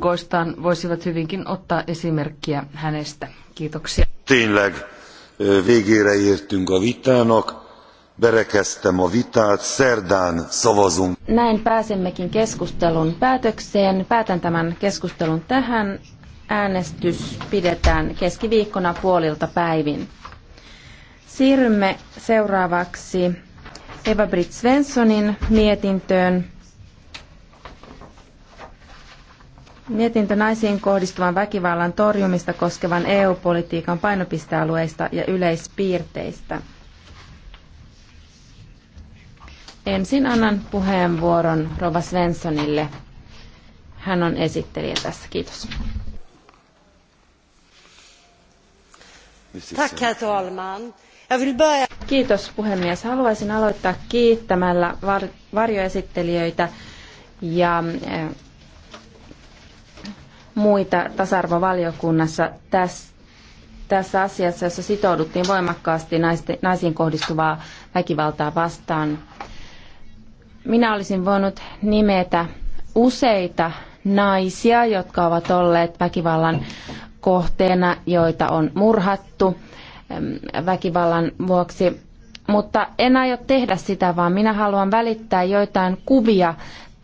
kollegoistaan voisivat hyvinkin ottaa esimerkkiä hänestä. Kiitoksia. Tényleg végére értünk a vitának. Berekeztem a vitát, szerdán szavazunk. Näin pääsemmekin keskustelun päätökseen. Päätän tämän keskustelun tähän. Äänestys pidetään keskiviikkona puolilta päivin. Siirrymme seuraavaksi Eva-Britt Svenssonin mietintöön. Mietintö naisiin kohdistuvan väkivallan torjumista koskevan EU-politiikan painopistealueista ja yleispiirteistä. Ensin annan puheenvuoron Rova Svenssonille. Hän on esittelijä tässä. Kiitos. Tack, herr talman. Kiitos puhemies. Haluaisin aloittaa kiittämällä varjoesittelijöitä ja eh, muita tasa-arvovaliokunnassa tässä, tässä asiassa, jossa sitouduttiin voimakkaasti naisiin kohdistuvaa väkivaltaa vastaan. Minä olisin voinut nimetä useita naisia, jotka ovat olleet väkivallan kohteena, joita on murhattu väkivallan vuoksi. Mutta en aio tehdä sitä, vaan minä haluan välittää joitain kuvia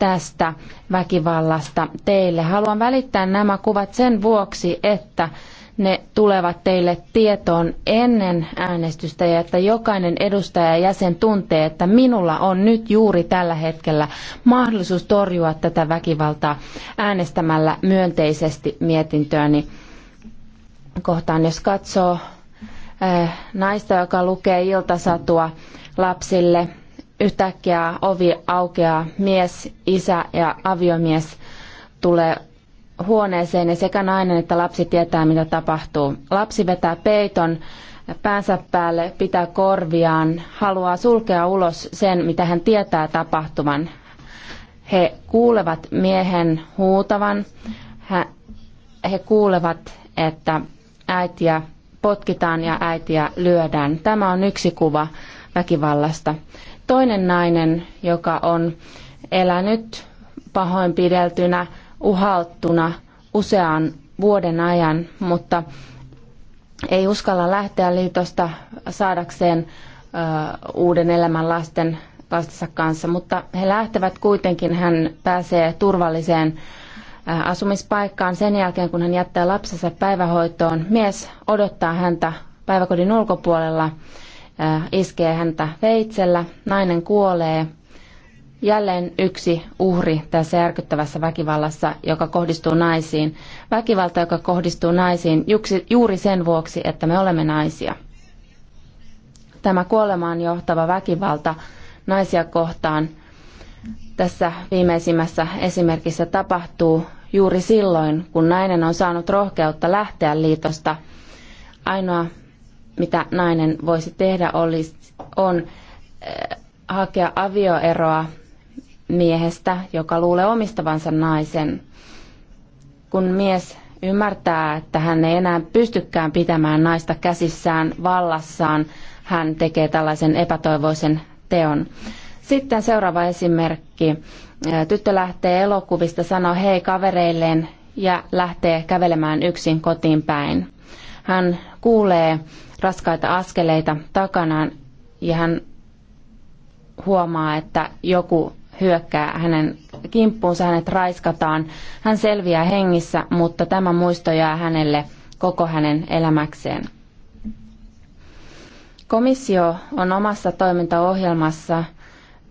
tästä väkivallasta teille. Haluan välittää nämä kuvat sen vuoksi, että ne tulevat teille tietoon ennen äänestystä ja että jokainen edustaja ja jäsen tuntee, että minulla on nyt juuri tällä hetkellä mahdollisuus torjua tätä väkivaltaa äänestämällä myönteisesti mietintöäni kohtaan. Jos katsoo eh, naista, joka lukee iltasatua lapsille, yhtäkkiä ovi aukeaa, mies, isä ja aviomies tulee huoneeseen ja sekä nainen että lapsi tietää, mitä tapahtuu. Lapsi vetää peiton päänsä päälle, pitää korviaan, haluaa sulkea ulos sen, mitä hän tietää tapahtuvan. He kuulevat miehen huutavan, he kuulevat, että äitiä potkitaan ja äitiä lyödään. Tämä on yksi kuva väkivallasta toinen nainen, joka on elänyt pahoinpideltynä, uhalttuna usean vuoden ajan, mutta ei uskalla lähteä liitosta saadakseen uuden elämän lasten, lastensa kanssa, mutta he lähtevät kuitenkin, hän pääsee turvalliseen asumispaikkaan sen jälkeen, kun hän jättää lapsensa päivähoitoon. Mies odottaa häntä päiväkodin ulkopuolella iskee häntä veitsellä, nainen kuolee. Jälleen yksi uhri tässä järkyttävässä väkivallassa, joka kohdistuu naisiin. Väkivalta, joka kohdistuu naisiin juuri sen vuoksi, että me olemme naisia. Tämä kuolemaan johtava väkivalta naisia kohtaan tässä viimeisimmässä esimerkissä tapahtuu juuri silloin, kun nainen on saanut rohkeutta lähteä liitosta. Ainoa mitä nainen voisi tehdä, olisi, on äh, hakea avioeroa miehestä, joka luulee omistavansa naisen. Kun mies ymmärtää, että hän ei enää pystykään pitämään naista käsissään, vallassaan, hän tekee tällaisen epätoivoisen teon. Sitten seuraava esimerkki. Äh, tyttö lähtee elokuvista, sanoo hei kavereilleen ja lähtee kävelemään yksin kotiin päin. Hän kuulee raskaita askeleita takanaan ja hän huomaa, että joku hyökkää hänen kimppuunsa, hänet raiskataan. Hän selviää hengissä, mutta tämä muisto jää hänelle koko hänen elämäkseen. Komissio on omassa toimintaohjelmassa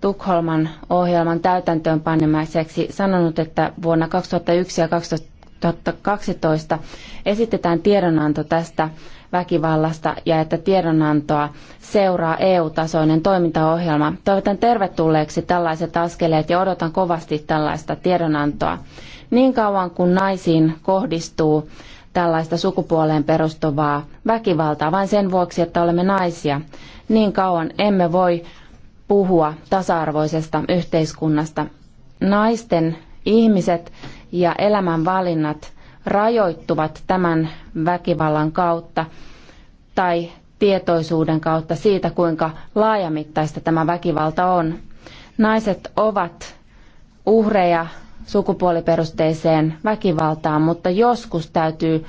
Tukholman ohjelman täytäntöönpanemiseksi sanonut, että vuonna 2001 ja 2000 2012 esitetään tiedonanto tästä väkivallasta ja että tiedonantoa seuraa EU-tasoinen toimintaohjelma. Toivotan tervetulleeksi tällaiset askeleet ja odotan kovasti tällaista tiedonantoa. Niin kauan kuin naisiin kohdistuu tällaista sukupuoleen perustuvaa väkivaltaa vain sen vuoksi, että olemme naisia, niin kauan emme voi puhua tasa-arvoisesta yhteiskunnasta. Naisten ihmiset ja valinnat rajoittuvat tämän väkivallan kautta tai tietoisuuden kautta siitä, kuinka laajamittaista tämä väkivalta on. Naiset ovat uhreja sukupuoliperusteiseen väkivaltaan, mutta joskus täytyy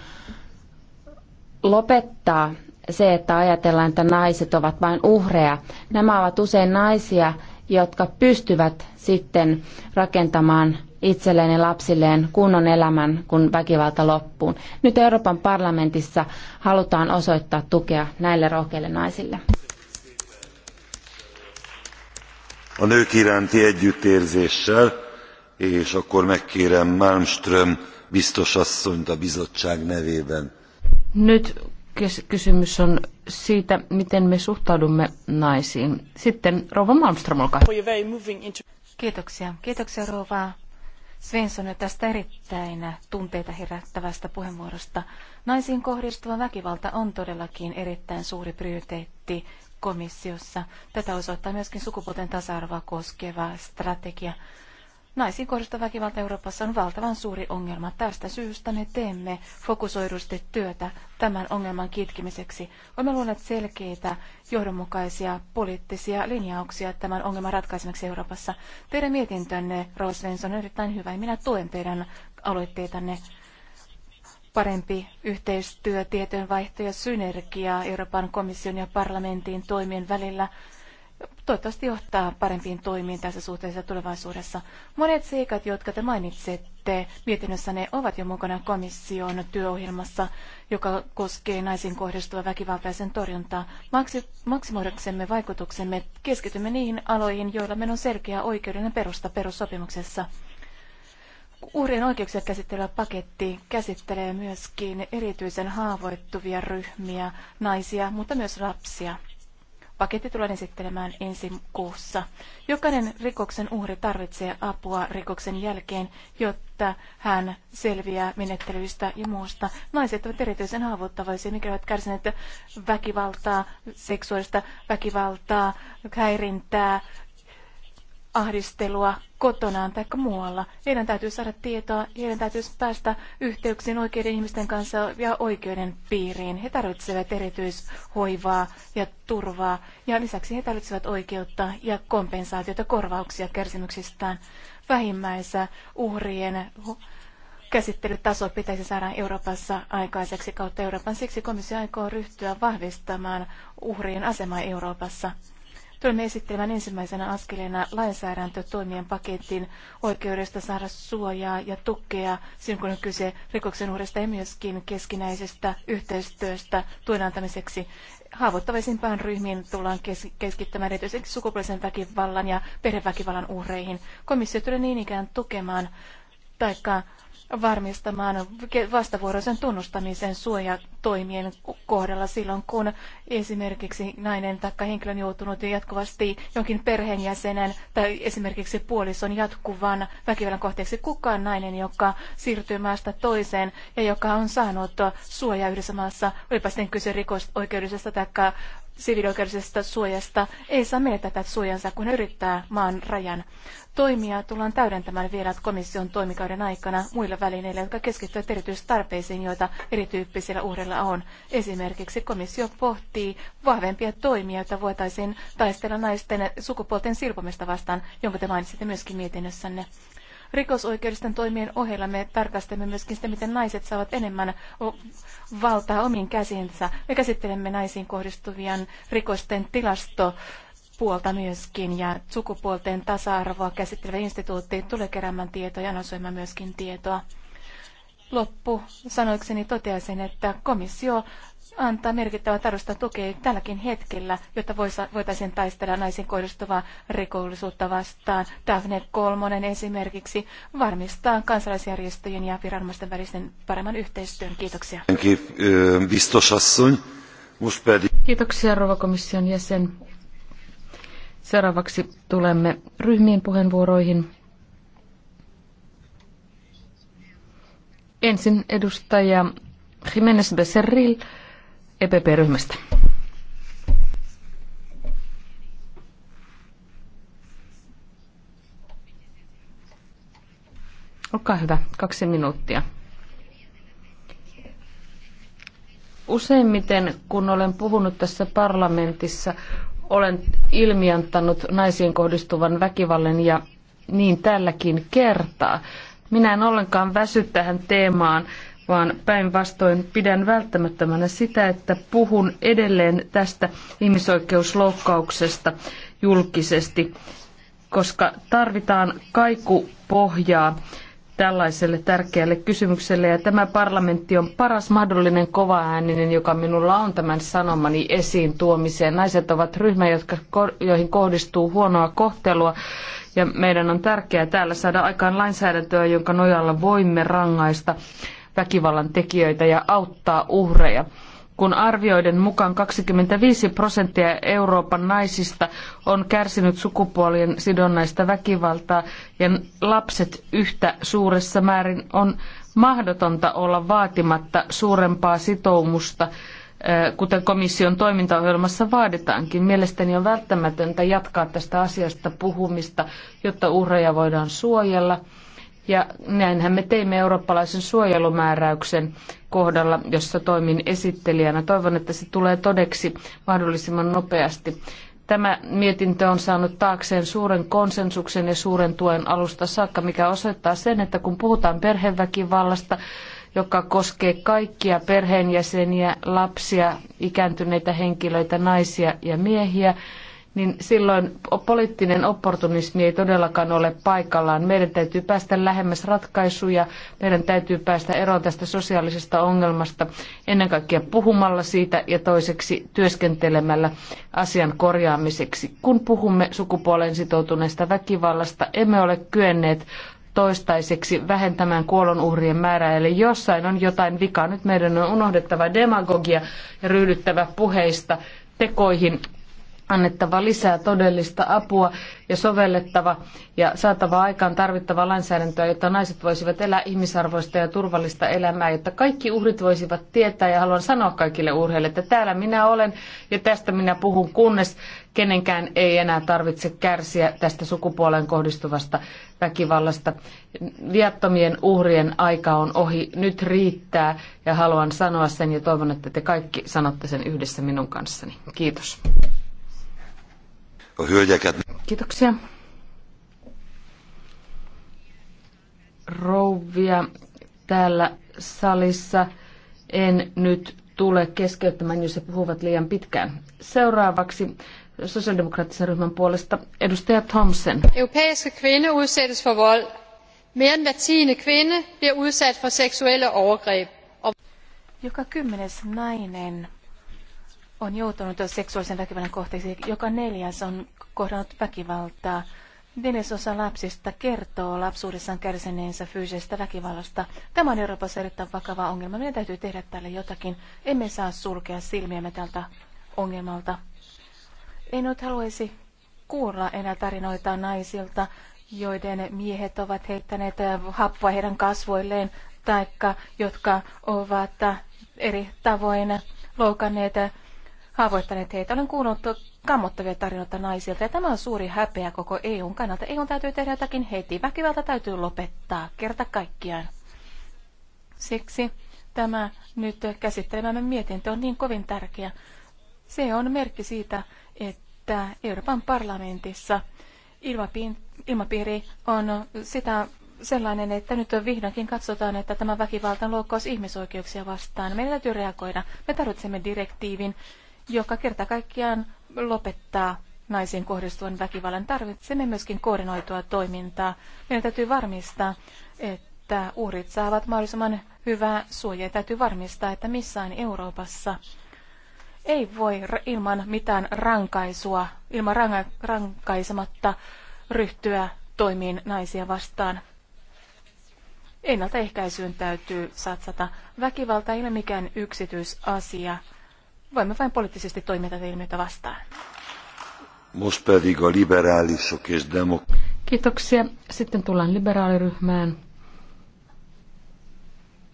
lopettaa se, että ajatellaan, että naiset ovat vain uhreja. Nämä ovat usein naisia, jotka pystyvät sitten rakentamaan itselleen ja lapsilleen kunnon elämän, kun väkivalta loppuu. Nyt Euroopan parlamentissa halutaan osoittaa tukea näille rohkeille naisille. A nők iránti együttérzéssel, és akkor megkérem Malmström biztos asszonyt a bizottság nevében. Nyt kysymys on siitä, miten me suhtaudumme naisiin. Sitten Rova Malmström, olkaa. Kiitoksia. Kiitoksia Rova Svenssonia tästä erittäin tunteita herättävästä puheenvuorosta. Naisiin kohdistuva väkivalta on todellakin erittäin suuri prioriteetti komissiossa. Tätä osoittaa myöskin sukupuolten tasa-arvoa koskeva strategia. Naisiin kohdistuva väkivalta Euroopassa on valtavan suuri ongelma. Tästä syystä me teemme fokusoidusti työtä tämän ongelman kitkimiseksi. Olemme luoneet selkeitä, johdonmukaisia poliittisia linjauksia tämän ongelman ratkaisemiseksi Euroopassa. Teidän mietintönne, Rose Svensson, on erittäin hyvä ja minä tuen teidän aloitteitanne. Parempi yhteistyö, tietojenvaihto ja synergia Euroopan komission ja parlamentin toimien välillä – toivottavasti johtaa parempiin toimiin tässä suhteessa tulevaisuudessa. Monet seikat, jotka te mainitsette mietinnössänne, ovat jo mukana komission työohjelmassa, joka koskee naisiin kohdistuvaa väkivaltaisen torjuntaa. Maksi, maksimoidaksemme vaikutuksemme keskitymme niihin aloihin, joilla meillä on selkeä oikeudellinen perusta perussopimuksessa. Uhrien oikeuksia käsittelevä paketti käsittelee myöskin erityisen haavoittuvia ryhmiä, naisia, mutta myös lapsia. Paketti tullaan esittelemään ensi kuussa. Jokainen rikoksen uhri tarvitsee apua rikoksen jälkeen, jotta hän selviää menettelyistä ja muusta. Naiset ovat erityisen haavoittavaisia, mikä ovat kärsineet väkivaltaa, seksuaalista väkivaltaa, häirintää, ahdistelua, kotonaan tai muualla. Heidän täytyy saada tietoa, heidän täytyy päästä yhteyksiin oikeiden ihmisten kanssa ja oikeuden piiriin. He tarvitsevat erityishoivaa ja turvaa ja lisäksi he tarvitsevat oikeutta ja kompensaatiota korvauksia kärsimyksistään. Vähimmäisä uhrien käsittelytaso pitäisi saada Euroopassa aikaiseksi kautta Euroopan. Siksi komissio aikoo ryhtyä vahvistamaan uhrien asemaa Euroopassa. Tulemme esittelemään ensimmäisenä askeleena lainsäädäntötoimien pakettiin oikeudesta saada suojaa ja tukea silloin, kun on kyse rikoksen uhrista ja myöskin keskinäisestä yhteistyöstä tuen antamiseksi. Haavoittavaisimpaan ryhmiin tullaan keskittämään erityisesti sukupuolisen väkivallan ja perheväkivallan uhreihin. Komissio tulee niin ikään tukemaan taikka varmistamaan vastavuoroisen tunnustamisen suojatoimien kohdalla silloin, kun esimerkiksi nainen tai henkilö on joutunut jatkuvasti jonkin perheenjäsenen tai esimerkiksi puolison jatkuvan väkivallan kohteeksi. Kukaan nainen, joka siirtyy maasta toiseen ja joka on saanut suojaa yhdessä maassa, olipa sitten kyse rikosoikeudellisesta tai siviilioikeudellisesta suojasta ei saa menettää tätä suojansa, kun he yrittää maan rajan. Toimia tullaan täydentämään vielä komission toimikauden aikana muilla välineillä, jotka keskittyvät erityistarpeisiin, joita erityyppisillä uhreilla on. Esimerkiksi komissio pohtii vahvempia toimia, joita voitaisiin taistella naisten sukupuolten silpomista vastaan, jonka te mainitsitte myöskin mietinnössänne. Rikosoikeudisten toimien ohella me tarkastelemme myöskin sitä, miten naiset saavat enemmän valtaa omiin käsinsä. Me käsittelemme naisiin kohdistuvien rikosten tilasto puolta myöskin ja sukupuolten tasa-arvoa käsittelevä instituutti tulee keräämään tietoa ja analysoimaan myöskin tietoa. Loppu sanoikseni toteaisin, että komissio antaa merkittävää tarjosta tukea tälläkin hetkellä, jotta voitaisiin taistella naisiin kohdistuvaa rikollisuutta vastaan. Daphne Kolmonen esimerkiksi varmistaa kansalaisjärjestöjen ja viranomaisten välisen paremman yhteistyön. Kiitoksia. Eh, Kiitoksia, rouva komission jäsen. Seuraavaksi tulemme ryhmien puheenvuoroihin. Ensin edustaja Jiménez Becerril EPP-ryhmästä. Olkaa hyvä, kaksi minuuttia. Useimmiten, kun olen puhunut tässä parlamentissa, olen ilmiantanut naisiin kohdistuvan väkivallan ja niin tälläkin kertaa. Minä en ollenkaan väsy tähän teemaan vaan päinvastoin pidän välttämättömänä sitä, että puhun edelleen tästä ihmisoikeusloukkauksesta julkisesti, koska tarvitaan kaikupohjaa tällaiselle tärkeälle kysymykselle. Ja tämä parlamentti on paras mahdollinen kovaääninen, joka minulla on tämän sanomani esiin tuomiseen. Naiset ovat ryhmä, jotka, joihin kohdistuu huonoa kohtelua. Ja meidän on tärkeää täällä saada aikaan lainsäädäntöä, jonka nojalla voimme rangaista väkivallan tekijöitä ja auttaa uhreja kun arvioiden mukaan 25 prosenttia Euroopan naisista on kärsinyt sukupuolien sidonnaista väkivaltaa ja lapset yhtä suuressa määrin on mahdotonta olla vaatimatta suurempaa sitoumusta, kuten komission toimintaohjelmassa vaaditaankin. Mielestäni on välttämätöntä jatkaa tästä asiasta puhumista, jotta uhreja voidaan suojella ja näinhän me teimme eurooppalaisen suojelumääräyksen kohdalla, jossa toimin esittelijänä. Toivon, että se tulee todeksi mahdollisimman nopeasti. Tämä mietintö on saanut taakseen suuren konsensuksen ja suuren tuen alusta saakka, mikä osoittaa sen, että kun puhutaan perheväkivallasta, joka koskee kaikkia perheenjäseniä, lapsia, ikääntyneitä henkilöitä, naisia ja miehiä, niin silloin poliittinen opportunismi ei todellakaan ole paikallaan. Meidän täytyy päästä lähemmäs ratkaisuja, meidän täytyy päästä eroon tästä sosiaalisesta ongelmasta, ennen kaikkea puhumalla siitä ja toiseksi työskentelemällä asian korjaamiseksi. Kun puhumme sukupuoleen sitoutuneesta väkivallasta, emme ole kyenneet toistaiseksi vähentämään kuolonuhrien määrää. Eli jossain on jotain vikaa. Nyt meidän on unohdettava demagogia ja ryhdyttävä puheista tekoihin annettava lisää todellista apua ja sovellettava ja saatava aikaan tarvittavaa lainsäädäntöä, jotta naiset voisivat elää ihmisarvoista ja turvallista elämää, jotta kaikki uhrit voisivat tietää ja haluan sanoa kaikille urheille, että täällä minä olen ja tästä minä puhun, kunnes kenenkään ei enää tarvitse kärsiä tästä sukupuoleen kohdistuvasta väkivallasta. Viattomien uhrien aika on ohi, nyt riittää ja haluan sanoa sen ja toivon, että te kaikki sanotte sen yhdessä minun kanssani. Kiitos hölgyeket... Kiitoksia. Rouvia täällä salissa en nyt tule keskeyttämään, jos he puhuvat liian pitkään. Seuraavaksi sosiaalidemokraattisen ryhmän puolesta edustaja Thompson. Europæiske kvinder udsættes for vold. Mere end hver tiende kvinde bliver udsat for seksuelle overgreb. Joka kymmenes nainen on joutunut seksuaalisen väkivallan kohteeksi. Joka neljäs on kohdannut väkivaltaa. Neljäsosa lapsista kertoo lapsuudessaan kärsineensä fyysisestä väkivallasta. Tämä on Euroopassa erittäin vakava ongelma. Meidän täytyy tehdä tälle jotakin. Emme saa sulkea silmiämme tältä ongelmalta. En nyt haluaisi kuulla enää tarinoita naisilta, joiden miehet ovat heittäneet happoa heidän kasvoilleen, taikka jotka ovat eri tavoin loukanneet haavoittaneet heitä. Olen kuunnellut kammottavia tarinoita naisilta ja tämä on suuri häpeä koko EUn kannalta. EUn täytyy tehdä jotakin heti. Väkivalta täytyy lopettaa kerta kaikkiaan. Siksi tämä nyt käsittelemämme mietintö on niin kovin tärkeä. Se on merkki siitä, että Euroopan parlamentissa ilmapiiri on sitä sellainen, että nyt vihdoinkin katsotaan, että tämä väkivalta on loukkaus ihmisoikeuksia vastaan. Meidän täytyy reagoida. Me tarvitsemme direktiivin, joka kerta kaikkiaan lopettaa naisiin kohdistuvan väkivallan. Tarvitsemme myöskin koordinoitua toimintaa. Meidän täytyy varmistaa, että uhrit saavat mahdollisimman hyvää suojaa. Täytyy varmistaa, että missään Euroopassa ei voi ilman mitään rankaisua, ilman rankaisematta ryhtyä toimiin naisia vastaan. Ennaltaehkäisyyn täytyy satsata. Väkivalta ei ole mikään yksityisasia voimme vain poliittisesti toimia tätä ilmiötä vastaan. demok- Kiitoksia. Sitten tullaan liberaaliryhmään.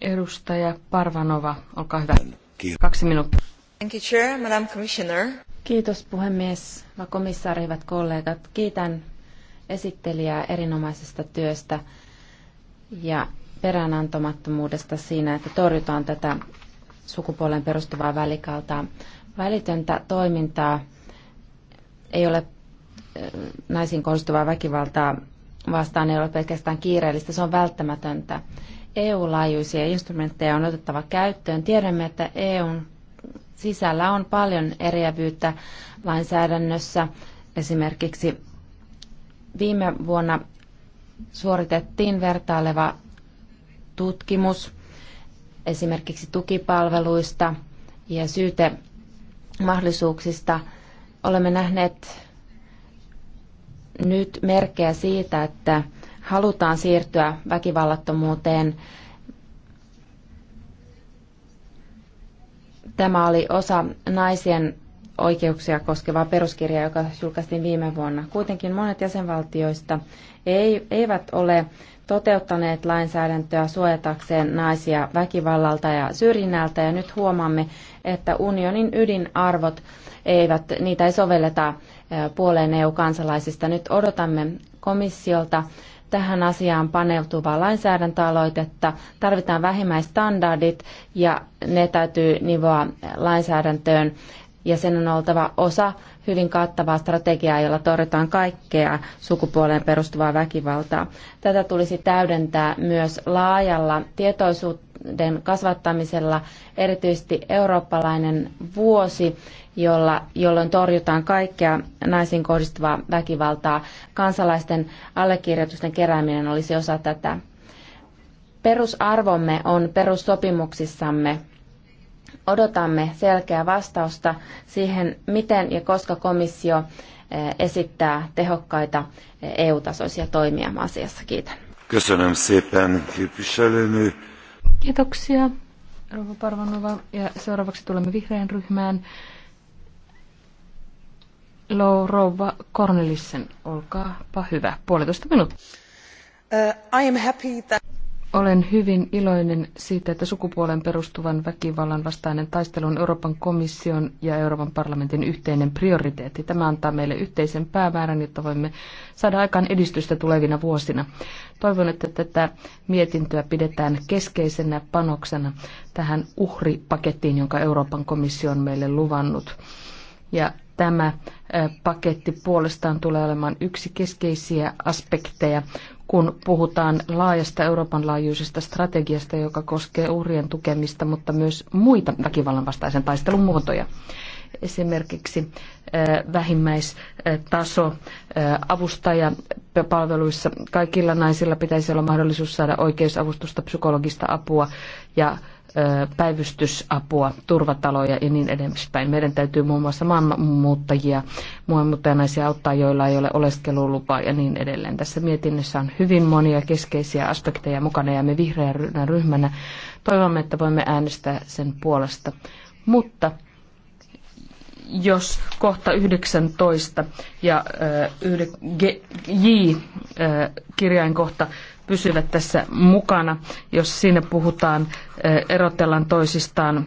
Edustaja Parvanova, olkaa hyvä. Kiitos. Kaksi minuuttia. Thank you, Chair, Madam Commissioner. Kiitos puhemies, hyvä komissaari, hyvät kollegat. Kiitän esittelijää erinomaisesta työstä ja peräänantamattomuudesta siinä, että torjutaan tätä sukupuoleen perustuvaa välikaltaa. Välitöntä toimintaa ei ole naisiin kohdistuvaa väkivaltaa vastaan, ei ole pelkästään kiireellistä, se on välttämätöntä. EU-laajuisia instrumentteja on otettava käyttöön. Tiedämme, että EUn sisällä on paljon eriävyyttä lainsäädännössä. Esimerkiksi viime vuonna suoritettiin vertaileva tutkimus esimerkiksi tukipalveluista ja syytemahdollisuuksista. Olemme nähneet nyt merkkejä siitä, että halutaan siirtyä väkivallattomuuteen. Tämä oli osa naisien oikeuksia koskevaa peruskirjaa, joka julkaistiin viime vuonna. Kuitenkin monet jäsenvaltioista ei, eivät ole toteuttaneet lainsäädäntöä suojatakseen naisia väkivallalta ja syrjinnältä ja nyt huomaamme, että unionin ydinarvot eivät, niitä ei sovelleta puoleen EU-kansalaisista. Nyt odotamme komissiolta tähän asiaan paneutuvaa lainsäädäntöaloitetta. Tarvitaan vähimmäistandardit ja ne täytyy nivoa lainsäädäntöön ja sen on oltava osa hyvin kattavaa strategiaa, jolla torjutaan kaikkea sukupuoleen perustuvaa väkivaltaa. Tätä tulisi täydentää myös laajalla tietoisuuden kasvattamisella, erityisesti eurooppalainen vuosi, jolla, jolloin torjutaan kaikkea naisiin kohdistuvaa väkivaltaa. Kansalaisten allekirjoitusten kerääminen olisi osa tätä. Perusarvomme on perussopimuksissamme Odotamme selkeää vastausta siihen, miten ja koska komissio eh, esittää tehokkaita eh, EU-tasoisia toimia asiassa. Kiitän. Kysynem szépen, képviselőnő. Kiitoksia, Rova Parvanova. Ja seuraavaksi tulemme vihreän ryhmään. Rouva Cornelissen, olkaapa hyvä. Puolitoista minuuttia. Uh, I am happy that... Olen hyvin iloinen siitä, että sukupuolen perustuvan väkivallan vastainen taistelu on Euroopan komission ja Euroopan parlamentin yhteinen prioriteetti. Tämä antaa meille yhteisen päämäärän, jotta voimme saada aikaan edistystä tulevina vuosina. Toivon, että tätä mietintöä pidetään keskeisenä panoksena tähän uhripakettiin, jonka Euroopan komissio on meille luvannut. Ja tämä paketti puolestaan tulee olemaan yksi keskeisiä aspekteja kun puhutaan laajasta Euroopan laajuisesta strategiasta, joka koskee uhrien tukemista, mutta myös muita väkivallan vastaisen taistelun muotoja. Esimerkiksi eh, vähimmäistaso eh, avustajapalveluissa. Kaikilla naisilla pitäisi olla mahdollisuus saada oikeusavustusta, psykologista apua ja eh, päivystysapua, turvataloja ja niin edespäin. Meidän täytyy muun muassa maanmuuttajia, maanmuuttajanaisia auttaa, joilla ei ole oleskelulupaa ja niin edelleen. Tässä mietinnössä on hyvin monia keskeisiä aspekteja mukana ja me vihreän ryhmänä toivomme, että voimme äänestää sen puolesta. Mutta jos kohta 19 ja J-kirjain kohta pysyvät tässä mukana, jos siinä puhutaan, erotellaan toisistaan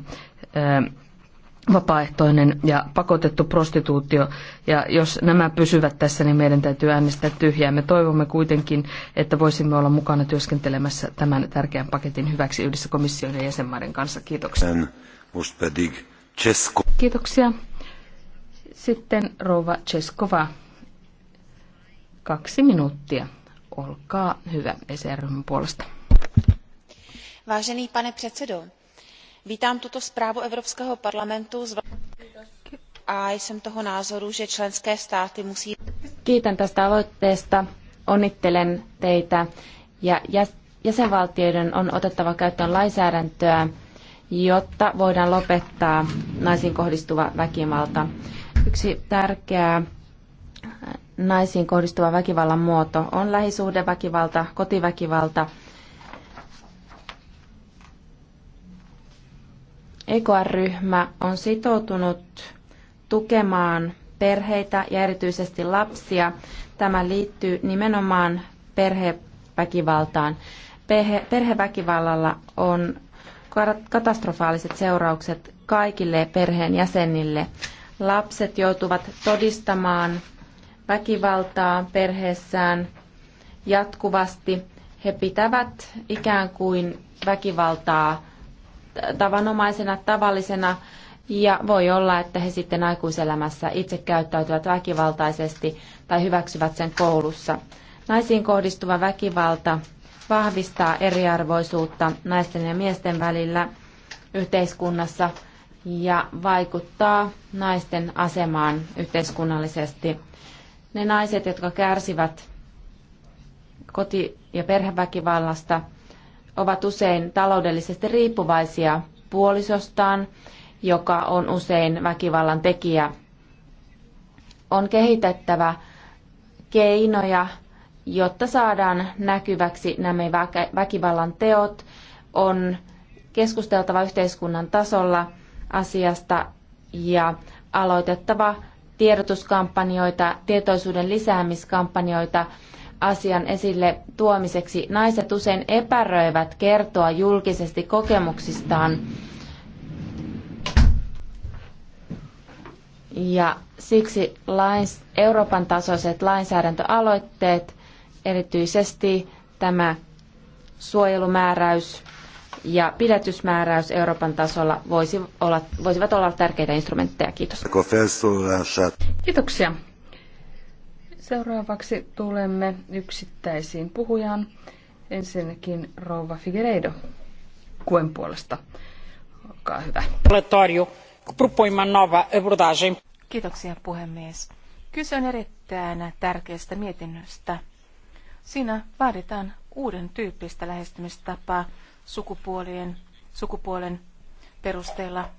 vapaaehtoinen ja pakotettu prostituutio. Ja jos nämä pysyvät tässä, niin meidän täytyy äänestää tyhjää. Me toivomme kuitenkin, että voisimme olla mukana työskentelemässä tämän tärkeän paketin hyväksi yhdessä komission ja jäsenmaiden kanssa. Kiitoksia. Kiitoksia. Sitten Rova Cheskova, kaksi minuuttia. Olkaa hyvä ECR-ryhmän puolesta. Vážený pane předsedo, vítám tuto zprávu Evropského parlamentu z a jsem toho názoru, že členské státy musí... Kiitän tästä aloitteesta, onnittelen teitä ja jäsenvaltioiden on otettava käyttöön lainsäädäntöä, jotta voidaan lopettaa naisiin kohdistuva väkivalta. Yksi tärkeä äh, naisiin kohdistuva väkivallan muoto on lähisuhdeväkivalta, kotiväkivalta. EKR-ryhmä on sitoutunut tukemaan perheitä ja erityisesti lapsia. Tämä liittyy nimenomaan perheväkivaltaan. Perhe, perheväkivallalla on katastrofaaliset seuraukset kaikille perheen jäsenille. Lapset joutuvat todistamaan väkivaltaa perheessään jatkuvasti. He pitävät ikään kuin väkivaltaa tavanomaisena, tavallisena ja voi olla, että he sitten aikuiselämässä itse käyttäytyvät väkivaltaisesti tai hyväksyvät sen koulussa. Naisiin kohdistuva väkivalta vahvistaa eriarvoisuutta naisten ja miesten välillä yhteiskunnassa ja vaikuttaa naisten asemaan yhteiskunnallisesti. Ne naiset, jotka kärsivät koti- ja perheväkivallasta, ovat usein taloudellisesti riippuvaisia puolisostaan, joka on usein väkivallan tekijä. On kehitettävä keinoja, jotta saadaan näkyväksi nämä väkivallan teot. On keskusteltava yhteiskunnan tasolla – asiasta ja aloitettava tiedotuskampanjoita, tietoisuuden lisäämiskampanjoita asian esille tuomiseksi. Naiset usein epäröivät kertoa julkisesti kokemuksistaan ja siksi lains, Euroopan tasoiset lainsäädäntöaloitteet, erityisesti tämä suojelumääräys ja pidätysmääräys Euroopan tasolla voisi olla, voisivat olla tärkeitä instrumentteja. Kiitos. Kiitoksia. Seuraavaksi tulemme yksittäisiin puhujaan. Ensinnäkin Rouva Figueiredo Kuen puolesta. Olkaa hyvä. Kiitoksia puhemies. Kyse on erittäin tärkeästä mietinnöstä. Siinä vaaditaan uuden tyyppistä lähestymistapaa sukupuolien, sukupuolen perusteella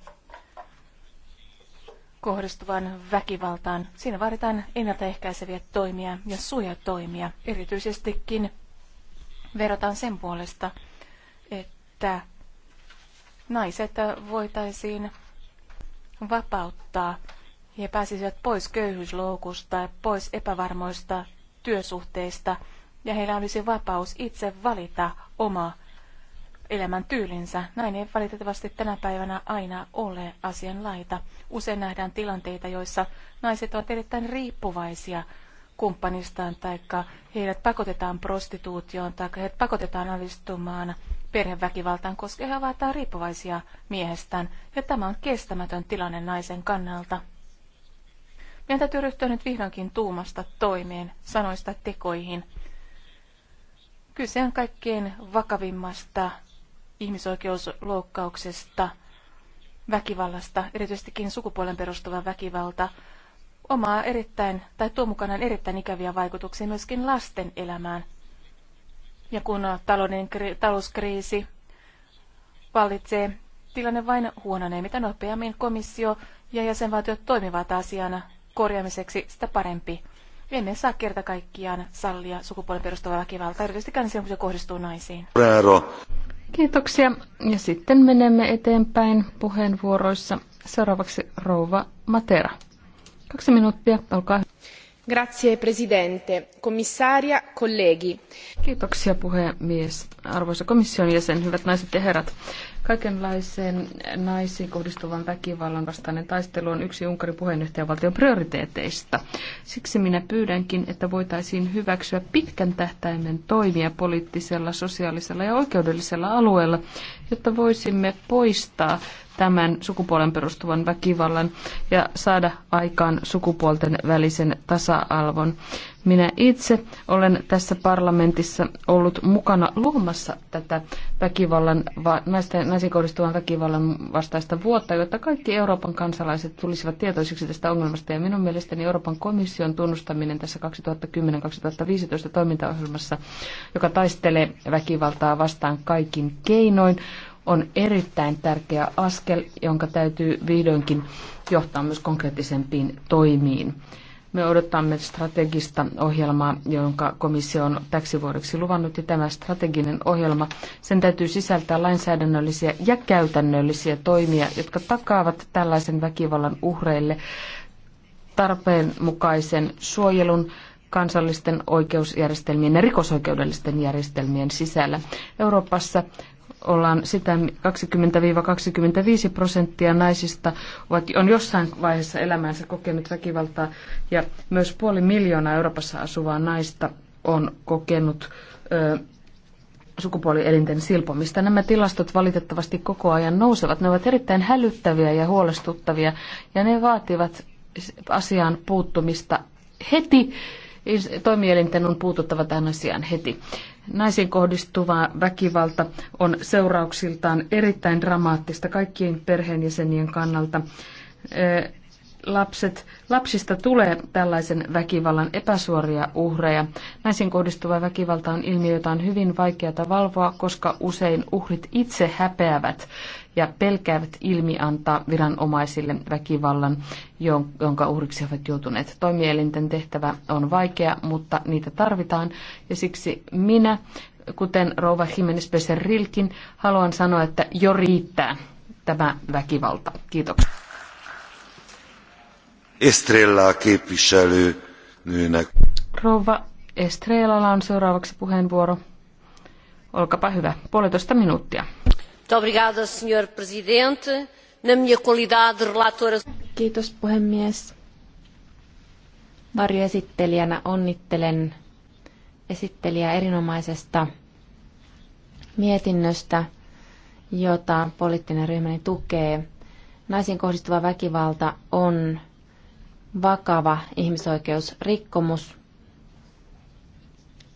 kohdistuvan väkivaltaan. Siinä vaaditaan ennaltaehkäiseviä toimia ja suojatoimia. Erityisestikin verotaan sen puolesta, että naiset voitaisiin vapauttaa ja pääsisivät pois köyhyysloukusta, pois epävarmoista työsuhteista ja heillä olisi vapaus itse valita oma elämäntyylinsä. Näin ei valitettavasti tänä päivänä aina ole laita. Usein nähdään tilanteita, joissa naiset ovat erittäin riippuvaisia kumppanistaan tai heidät pakotetaan prostituutioon tai heidät pakotetaan alistumaan perheväkivaltaan, koska he ovat riippuvaisia miehestään. Ja tämä on kestämätön tilanne naisen kannalta. Meidän täytyy ryhtyä nyt vihdoinkin tuumasta toimeen, sanoista tekoihin. Kyse on kaikkein vakavimmasta ihmisoikeusloukkauksesta, väkivallasta, erityisestikin sukupuolen perustuva väkivalta, omaa erittäin, tai tuo mukanaan erittäin ikäviä vaikutuksia myöskin lasten elämään. Ja kun talouden, talouskriisi vallitsee, tilanne vain huononee. Mitä nopeammin komissio ja jäsenvaltiot toimivat asiana korjaamiseksi, sitä parempi. Emme saa kerta kaikkiaan sallia sukupuolen perustuvaa väkivaltaa, erityisesti silloin, kun se kohdistuu naisiin. Kiitoksia. Ja sitten menemme eteenpäin puheenvuoroissa. Seuraavaksi rouva Matera. Kaksi minuuttia, olkaa hyvä arvoisa puhemies, arvoisa komission jäsen, hyvät naiset ja herrat. Kaikenlaisen naisiin kohdistuvan väkivallan vastainen taistelu on yksi Unkarin puheenjohtajavaltion prioriteeteista. Siksi minä pyydänkin, että voitaisiin hyväksyä pitkän tähtäimen toimia poliittisella, sosiaalisella ja oikeudellisella alueella, jotta voisimme poistaa tämän sukupuolen perustuvan väkivallan ja saada aikaan sukupuolten välisen tasa-alvon. Minä itse olen tässä parlamentissa ollut mukana luomassa tätä väkivallan, naisiin kohdistuvan väkivallan vastaista vuotta, jotta kaikki Euroopan kansalaiset tulisivat tietoisiksi tästä ongelmasta. Ja minun mielestäni Euroopan komission tunnustaminen tässä 2010-2015 toimintaohjelmassa, joka taistelee väkivaltaa vastaan kaikin keinoin, on erittäin tärkeä askel, jonka täytyy vihdoinkin johtaa myös konkreettisempiin toimiin. Me odotamme strategista ohjelmaa, jonka komissio on täksi vuodeksi luvannut, ja tämä strateginen ohjelma, sen täytyy sisältää lainsäädännöllisiä ja käytännöllisiä toimia, jotka takaavat tällaisen väkivallan uhreille tarpeenmukaisen suojelun kansallisten oikeusjärjestelmien ja rikosoikeudellisten järjestelmien sisällä. Euroopassa ollaan sitä 20-25 prosenttia naisista ovat, on jossain vaiheessa elämänsä kokenut väkivaltaa ja myös puoli miljoonaa Euroopassa asuvaa naista on kokenut ö, sukupuolielinten silpomista. Nämä tilastot valitettavasti koko ajan nousevat. Ne ovat erittäin hälyttäviä ja huolestuttavia ja ne vaativat asiaan puuttumista heti. Toimielinten on puututtava tähän asiaan heti. Naisiin kohdistuva väkivalta on seurauksiltaan erittäin dramaattista kaikkien perheenjäsenien kannalta lapset, lapsista tulee tällaisen väkivallan epäsuoria uhreja. Naisiin kohdistuva väkivalta on ilmiö, jota on hyvin vaikeata valvoa, koska usein uhrit itse häpeävät ja pelkäävät ilmi antaa viranomaisille väkivallan, jonka uhriksi ovat joutuneet. Toimielinten tehtävä on vaikea, mutta niitä tarvitaan ja siksi minä, kuten Rouva Jimenez Becerrilkin, haluan sanoa, että jo riittää tämä väkivalta. Kiitoksia. Estrella képviselő nőnek. Rouva on seuraavaksi puheenvuoro. Olkapa hyvä, puolitoista minuuttia. Obrigada, senhor presidente. Na minha qualidade relatora... Kiitos puhemies. Varjoesittelijänä onnittelen esittelijä erinomaisesta mietinnöstä, jota poliittinen ryhmäni tukee. Naisiin kohdistuva väkivalta on vakava ihmisoikeusrikkomus.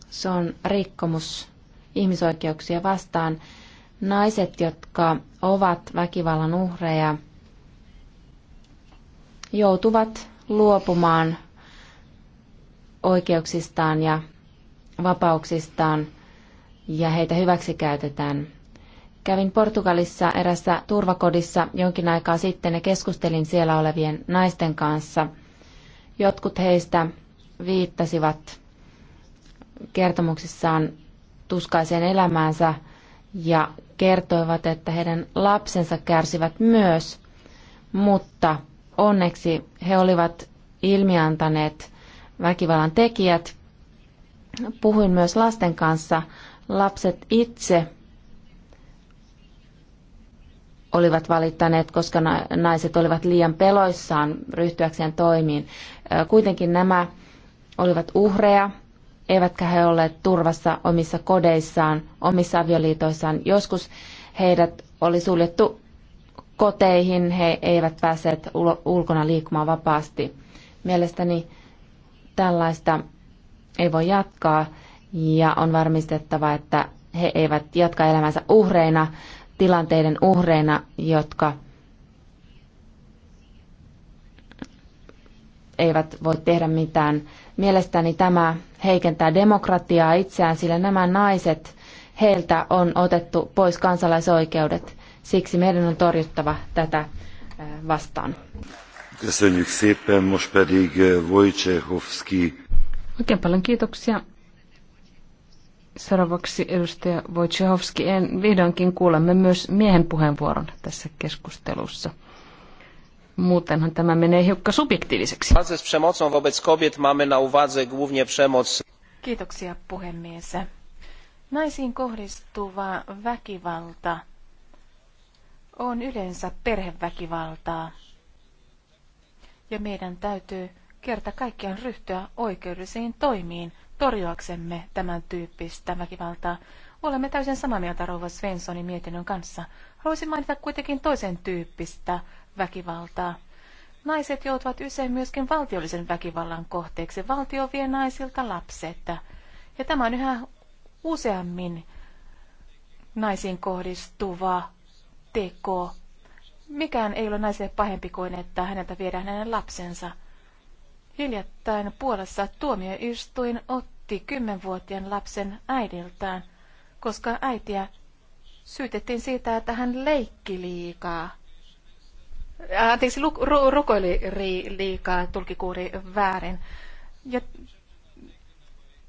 Se on rikkomus ihmisoikeuksia vastaan. Naiset, jotka ovat väkivallan uhreja, joutuvat luopumaan oikeuksistaan ja vapauksistaan ja heitä hyväksikäytetään. Kävin Portugalissa erässä turvakodissa jonkin aikaa sitten ja keskustelin siellä olevien naisten kanssa – Jotkut heistä viittasivat kertomuksissaan tuskaiseen elämäänsä ja kertoivat, että heidän lapsensa kärsivät myös, mutta onneksi he olivat ilmiantaneet väkivallan tekijät. Puhuin myös lasten kanssa. Lapset itse olivat valittaneet, koska naiset olivat liian peloissaan ryhtyäkseen toimiin. Kuitenkin nämä olivat uhreja, eivätkä he olleet turvassa omissa kodeissaan, omissa avioliitoissaan. Joskus heidät oli suljettu koteihin, he eivät päässeet ulkona liikkumaan vapaasti. Mielestäni tällaista ei voi jatkaa ja on varmistettava, että he eivät jatka elämänsä uhreina, tilanteiden uhreina, jotka eivät voi tehdä mitään. Mielestäni tämä heikentää demokratiaa itseään, sillä nämä naiset, heiltä on otettu pois kansalaisoikeudet. Siksi meidän on torjuttava tätä äh, vastaan. Köszönjük szépen, most pedig äh, Wojciechowski. Oikein paljon kiitoksia. Seuraavaksi edustaja Wojciechowski. En, vihdoinkin kuulemme myös miehen puheenvuoron tässä keskustelussa. Muutenhan tämä menee hiukka subjektiiviseksi. Kiitoksia puhemies. Naisiin kohdistuva väkivalta on yleensä perheväkivaltaa. Ja meidän täytyy kerta kaikkiaan ryhtyä oikeudellisiin toimiin torjuaksemme tämän tyyppistä väkivaltaa. Olemme täysin samaa mieltä Rouva Svenssonin mietinnön kanssa. Haluaisin mainita kuitenkin toisen tyyppistä väkivaltaa. Naiset joutuvat usein myöskin valtiollisen väkivallan kohteeksi. Valtio vie naisilta lapset. Ja tämä on yhä useammin naisiin kohdistuva teko. Mikään ei ole naiselle pahempi kuin, että häneltä viedään hänen lapsensa – Hiljattain Puolassa tuomioistuin otti kymmenvuotiaan lapsen äidiltään, koska äitiä syytettiin siitä, että hän leikki liikaa. Anteeksi, lu- ru- rukoili ri- liikaa, tulkikuuri väärin. Ja,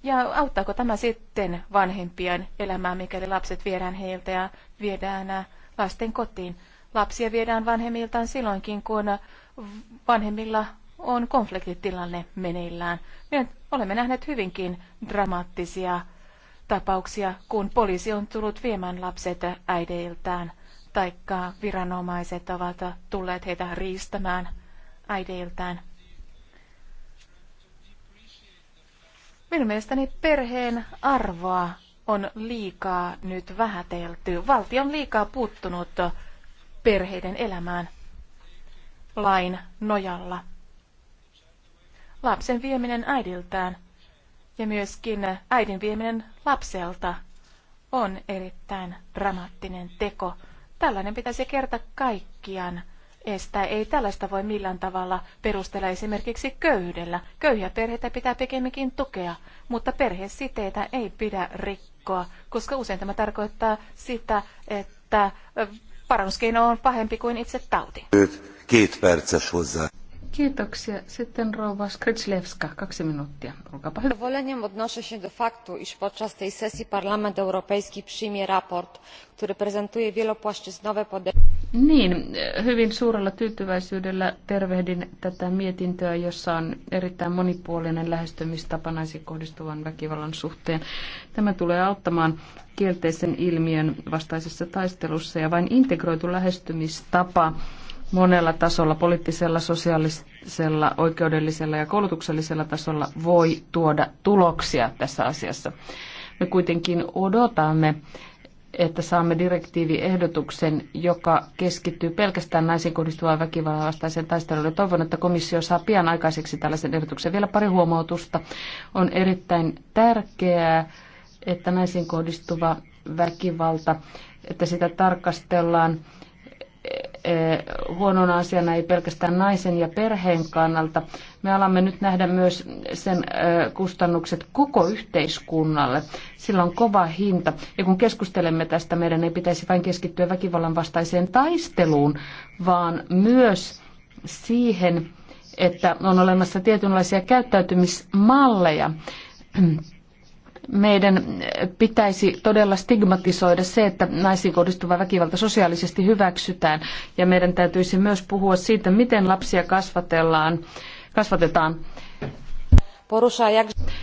ja auttaako tämä sitten vanhempien elämää, mikäli lapset viedään heiltä ja viedään lasten kotiin? Lapsia viedään vanhemmiltaan silloinkin, kun vanhemmilla on konfliktitilanne meneillään. Me olemme nähneet hyvinkin dramaattisia tapauksia, kun poliisi on tullut viemään lapset äideiltään, taikka viranomaiset ovat tulleet heitä riistämään äideiltään. Minun mielestäni perheen arvoa on liikaa nyt vähätelty. Valtio on liikaa puuttunut perheiden elämään lain nojalla lapsen vieminen äidiltään ja myöskin äidin vieminen lapselta on erittäin dramaattinen teko. Tällainen pitäisi kerta kaikkiaan estää. Ei tällaista voi millään tavalla perustella esimerkiksi köyhyydellä. Köyhiä perheitä pitää pikemminkin tukea, mutta perhesiteitä ei pidä rikkoa, koska usein tämä tarkoittaa sitä, että parannuskeino on pahempi kuin itse tauti. Kiit Kiitoksia. Sitten rouva Skrzylewska, kaksi minuuttia. Olkaapa hyvä. Zadowoleniem odnoszę się do faktu, iż podczas tej sesji Parlament Europejski przyjmie raport, który prezentuje wielopłaszczyznowe podejście. Niin, hyvin suurella tyytyväisyydellä tervehdin tätä mietintöä, jossa on erittäin monipuolinen lähestymistapa naisiin kohdistuvan väkivallan suhteen. Tämä tulee auttamaan kielteisen ilmiön vastaisessa taistelussa ja vain integroitu lähestymistapa monella tasolla, poliittisella, sosiaalisella, oikeudellisella ja koulutuksellisella tasolla voi tuoda tuloksia tässä asiassa. Me kuitenkin odotamme, että saamme direktiiviehdotuksen, joka keskittyy pelkästään naisiin kohdistuvaan väkivallan vastaiseen taisteluun. Toivon, että komissio saa pian aikaiseksi tällaisen ehdotuksen. Vielä pari huomautusta. On erittäin tärkeää, että naisiin kohdistuva väkivalta, että sitä tarkastellaan Eh, huonona asiana ei pelkästään naisen ja perheen kannalta. Me alamme nyt nähdä myös sen eh, kustannukset koko yhteiskunnalle. Sillä on kova hinta. Ja kun keskustelemme tästä, meidän ei pitäisi vain keskittyä väkivallan vastaiseen taisteluun, vaan myös siihen, että on olemassa tietynlaisia käyttäytymismalleja meidän pitäisi todella stigmatisoida se, että naisiin kohdistuva väkivalta sosiaalisesti hyväksytään. Ja meidän täytyisi myös puhua siitä, miten lapsia kasvatellaan, kasvatetaan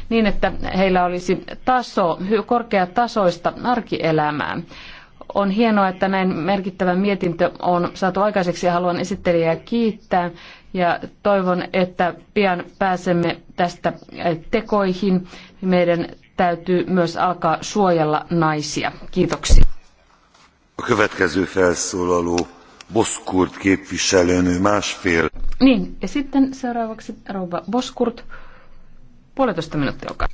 niin, että heillä olisi taso, korkeatasoista arkielämää. On hienoa, että näin merkittävä mietintö on saatu aikaiseksi ja haluan esittelijää kiittää ja toivon, että pian pääsemme tästä tekoihin. Meidän täytyy myös alkaa suojella naisia. Kiitoksia. A következő felszólaló Boskurt képviselőnő másfél. Niin, ja sitten seuraavaksi rouva Boskurt, puolitoista minuuttia olkaa.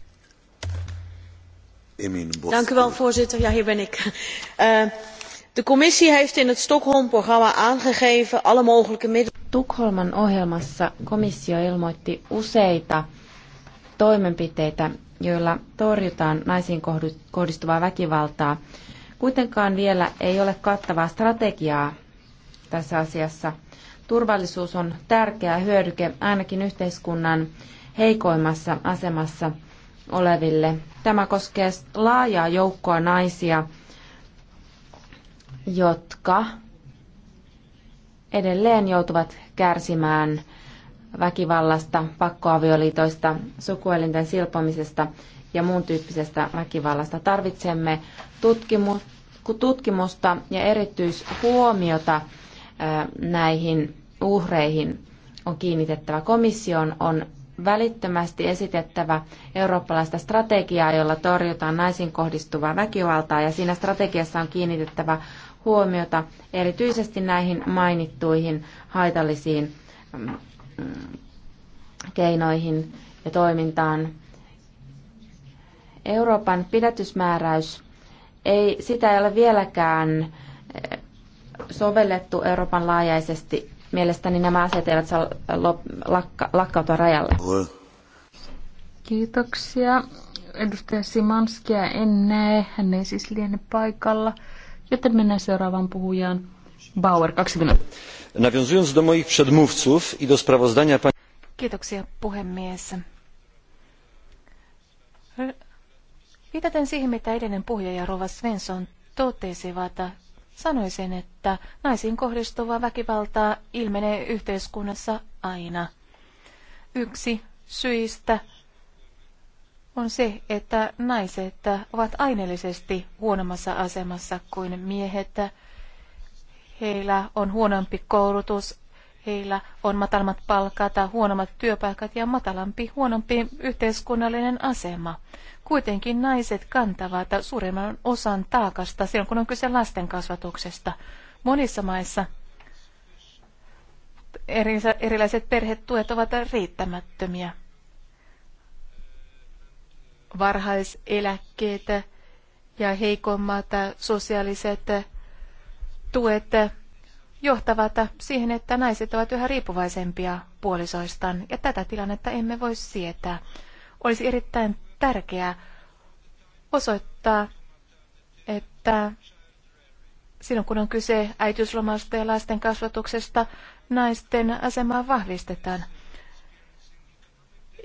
Boskurt. Dank u wel, voorzitter. Ja, hier ben ik. Uh, de commissie heeft in het Stockholm-programma aangegeven alle mogelijke middelen. Tukholman ohjelmassa komissio ilmoitti useita toimenpiteitä, joilla torjutaan naisiin kohdistuvaa väkivaltaa. Kuitenkaan vielä ei ole kattavaa strategiaa tässä asiassa. Turvallisuus on tärkeä hyödyke ainakin yhteiskunnan heikoimmassa asemassa oleville. Tämä koskee laajaa joukkoa naisia, jotka edelleen joutuvat kärsimään väkivallasta, pakkoavioliitoista, sukuelinten silpomisesta ja muun tyyppisestä väkivallasta. Tarvitsemme tutkimusta ja erityishuomiota äh, näihin uhreihin on kiinnitettävä. Komission on välittömästi esitettävä eurooppalaista strategiaa, jolla torjutaan naisiin kohdistuvaa väkivaltaa, ja siinä strategiassa on kiinnitettävä huomiota erityisesti näihin mainittuihin haitallisiin mm, Mm, keinoihin ja toimintaan. Euroopan pidätysmääräys, ei, sitä ei ole vieläkään eh, sovellettu Euroopan laajaisesti. Mielestäni nämä asiat eivät saa lakka, lakkautua rajalle. Kiitoksia. Edustaja Simanskia en näe, hän ei siis liene paikalla, joten mennään seuraavaan puhujaan. Bauer, kaksi minuuttia. Nawiązując do moich przedmówców i do sprawozdania pani... Kiitoksia puhemies. Viitaten siihen, mitä edellinen puhuja ja Rova Svensson totesivat, sanoisin, että naisiin kohdistuvaa väkivaltaa ilmenee yhteiskunnassa aina. Yksi syistä on se, että naiset ovat aineellisesti huonommassa asemassa kuin miehet heillä on huonompi koulutus, heillä on matalammat palkat tai huonommat työpaikat ja matalampi, huonompi yhteiskunnallinen asema. Kuitenkin naiset kantavat suurimman osan taakasta silloin, kun on kyse lasten kasvatuksesta. Monissa maissa erilaiset perhetuet ovat riittämättömiä. Varhaiseläkkeet ja heikommat sosiaaliset tuet johtavat siihen, että naiset ovat yhä riippuvaisempia puolisoistaan, ja tätä tilannetta emme voi sietää. Olisi erittäin tärkeää osoittaa, että silloin kun on kyse äitiyslomasta ja lasten kasvatuksesta, naisten asemaa vahvistetaan.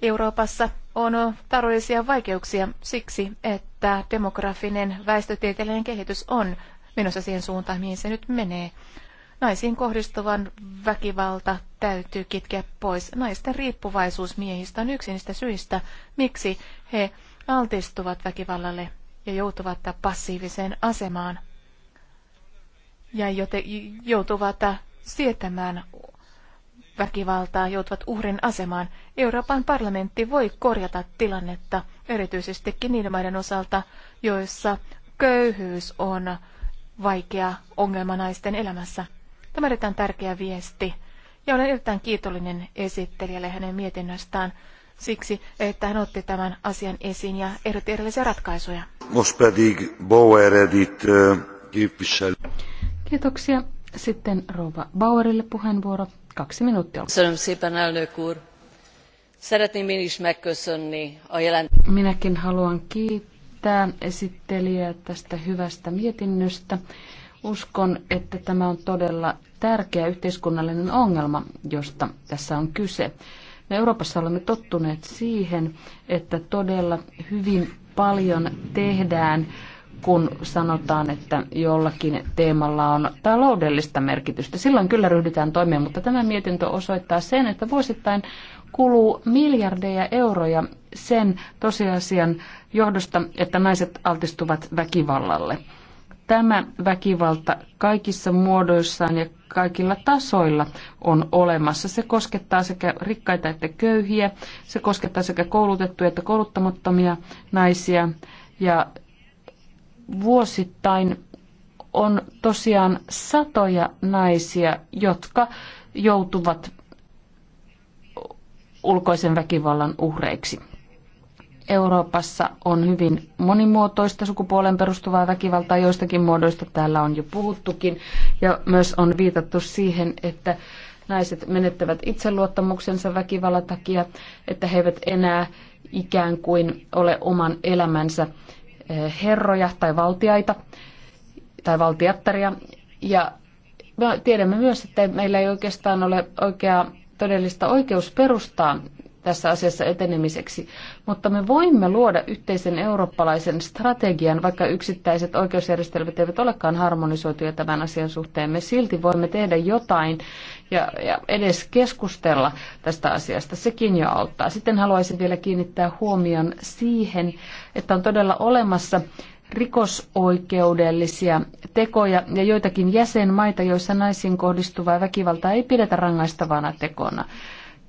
Euroopassa on taloudellisia vaikeuksia siksi, että demografinen väestötieteellinen kehitys on menossa siihen suuntaan, mihin se nyt menee. Naisiin kohdistuvan väkivalta täytyy kitkeä pois. Naisten riippuvaisuus miehistä on yksi niistä syistä, miksi he altistuvat väkivallalle ja joutuvat passiiviseen asemaan ja joutuvat sietämään väkivaltaa, joutuvat uhrin asemaan. Euroopan parlamentti voi korjata tilannetta, erityisestikin niiden maiden osalta, joissa köyhyys on vaikea ongelma naisten elämässä. Tämä on erittäin tärkeä viesti ja olen erittäin kiitollinen esittelijälle hänen mietinnöstään siksi, että hän otti tämän asian esiin ja ehdotti erilaisia ratkaisuja. Kiitoksia. Sitten Rova Bauerille puheenvuoro. Kaksi minuuttia. Minäkin haluan kiittää kiittää esittelijää tästä hyvästä mietinnöstä. Uskon, että tämä on todella tärkeä yhteiskunnallinen ongelma, josta tässä on kyse. Me Euroopassa olemme tottuneet siihen, että todella hyvin paljon tehdään kun sanotaan, että jollakin teemalla on taloudellista merkitystä. Silloin kyllä ryhdytään toimeen, mutta tämä mietintö osoittaa sen, että vuosittain kuluu miljardeja euroja sen tosiasian johdosta, että naiset altistuvat väkivallalle. Tämä väkivalta kaikissa muodoissaan ja kaikilla tasoilla on olemassa. Se koskettaa sekä rikkaita että köyhiä, se koskettaa sekä koulutettuja että kouluttamattomia naisia. Ja vuosittain on tosiaan satoja naisia, jotka joutuvat ulkoisen väkivallan uhreiksi. Euroopassa on hyvin monimuotoista sukupuolen perustuvaa väkivaltaa, joistakin muodoista täällä on jo puhuttukin. Ja myös on viitattu siihen, että naiset menettävät itseluottamuksensa väkivallan takia, että he eivät enää ikään kuin ole oman elämänsä eh, herroja tai valtiaita tai valtiattaria. Ja tiedämme myös, että meillä ei oikeastaan ole oikeaa todellista oikeusperustaa tässä asiassa etenemiseksi. Mutta me voimme luoda yhteisen eurooppalaisen strategian, vaikka yksittäiset oikeusjärjestelmät eivät olekaan harmonisoituja tämän asian suhteen. Me silti voimme tehdä jotain ja, ja edes keskustella tästä asiasta. Sekin jo auttaa. Sitten haluaisin vielä kiinnittää huomion siihen, että on todella olemassa rikosoikeudellisia tekoja ja joitakin jäsenmaita, joissa naisiin kohdistuvaa väkivaltaa ei pidetä rangaistavana tekona.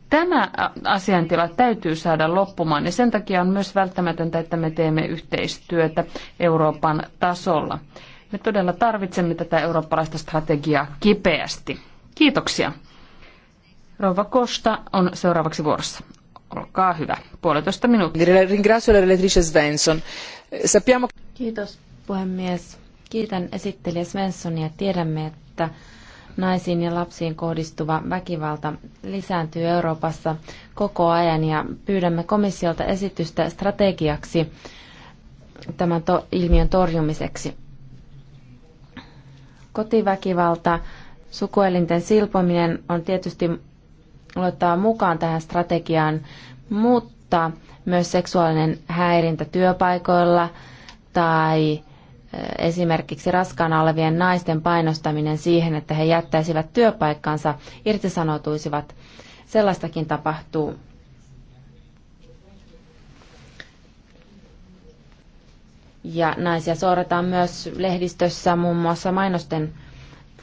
Tämä asiantila täytyy saada loppumaan ja sen takia on myös välttämätöntä, että me teemme yhteistyötä Euroopan tasolla. Me todella tarvitsemme tätä eurooppalaista strategiaa kipeästi. Kiitoksia. Rova Kosta on seuraavaksi vuorossa. Olkaa hyvä. Puolitoista minuuttia. Svensson. Kiitos puhemies. Kiitän esittelijä Svenssonia. Tiedämme, että naisiin ja lapsiin kohdistuva väkivalta lisääntyy Euroopassa koko ajan ja pyydämme komissiolta esitystä strategiaksi tämän to- ilmiön torjumiseksi. Kotiväkivalta, sukuelinten silpominen on tietysti luettava mukaan tähän strategiaan, mutta myös seksuaalinen häirintä työpaikoilla tai esimerkiksi raskaana olevien naisten painostaminen siihen, että he jättäisivät työpaikkansa, irtisanoutuisivat. Sellaistakin tapahtuu. Ja naisia sorretaan myös lehdistössä muun muassa mainosten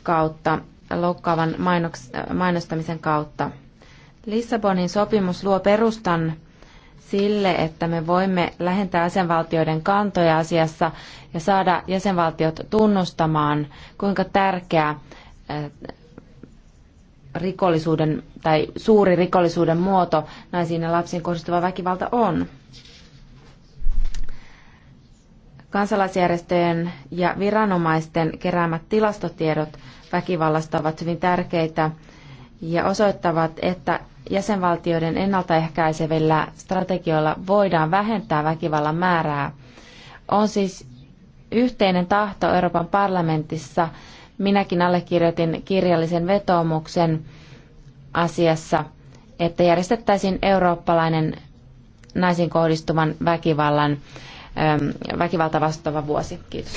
kautta, loukkaavan äh, mainostamisen kautta. Lissabonin sopimus luo perustan sille, että me voimme lähentää jäsenvaltioiden kantoja asiassa ja saada jäsenvaltiot tunnustamaan, kuinka tärkeä eh, rikollisuuden tai suuri rikollisuuden muoto naisiin ja lapsiin kohdistuva väkivalta on. Kansalaisjärjestöjen ja viranomaisten keräämät tilastotiedot väkivallasta ovat hyvin tärkeitä ja osoittavat, että jäsenvaltioiden ennaltaehkäisevillä strategioilla voidaan vähentää väkivallan määrää. On siis yhteinen tahto Euroopan parlamentissa. Minäkin allekirjoitin kirjallisen vetoomuksen asiassa, että järjestettäisiin eurooppalainen naisiin kohdistuvan väkivallan väkivalta vastaava vuosi. Kiitos.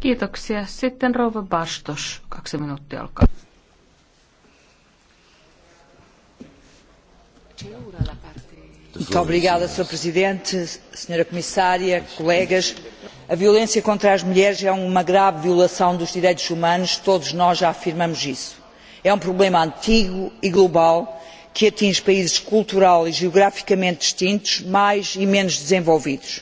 Kiitoksia. Sitten rouva Bastos, kaksi minuuttia alkaa. Sr. presidente Sra. comissária colegas a violência contra as mulheres é uma grave violação dos direitos humanos todos nós já afirmamos isso. é um problema antigo e global que atinge países cultural e geograficamente distintos mais e menos desenvolvidos.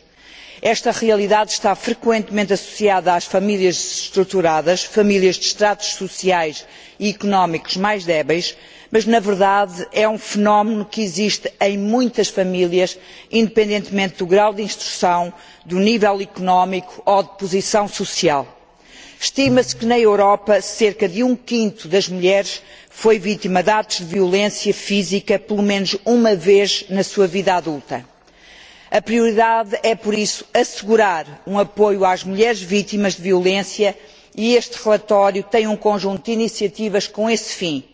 esta realidade está frequentemente associada às famílias desestruturadas famílias de estratos sociais e económicos mais débeis mas na verdade é um fenómeno que existe em muitas famílias independentemente do grau de instrução do nível económico ou de posição social. estima se que na europa cerca de um quinto das mulheres foi vítima de atos de violência física pelo menos uma vez na sua vida adulta. a prioridade é por isso assegurar um apoio às mulheres vítimas de violência e este relatório tem um conjunto de iniciativas com esse fim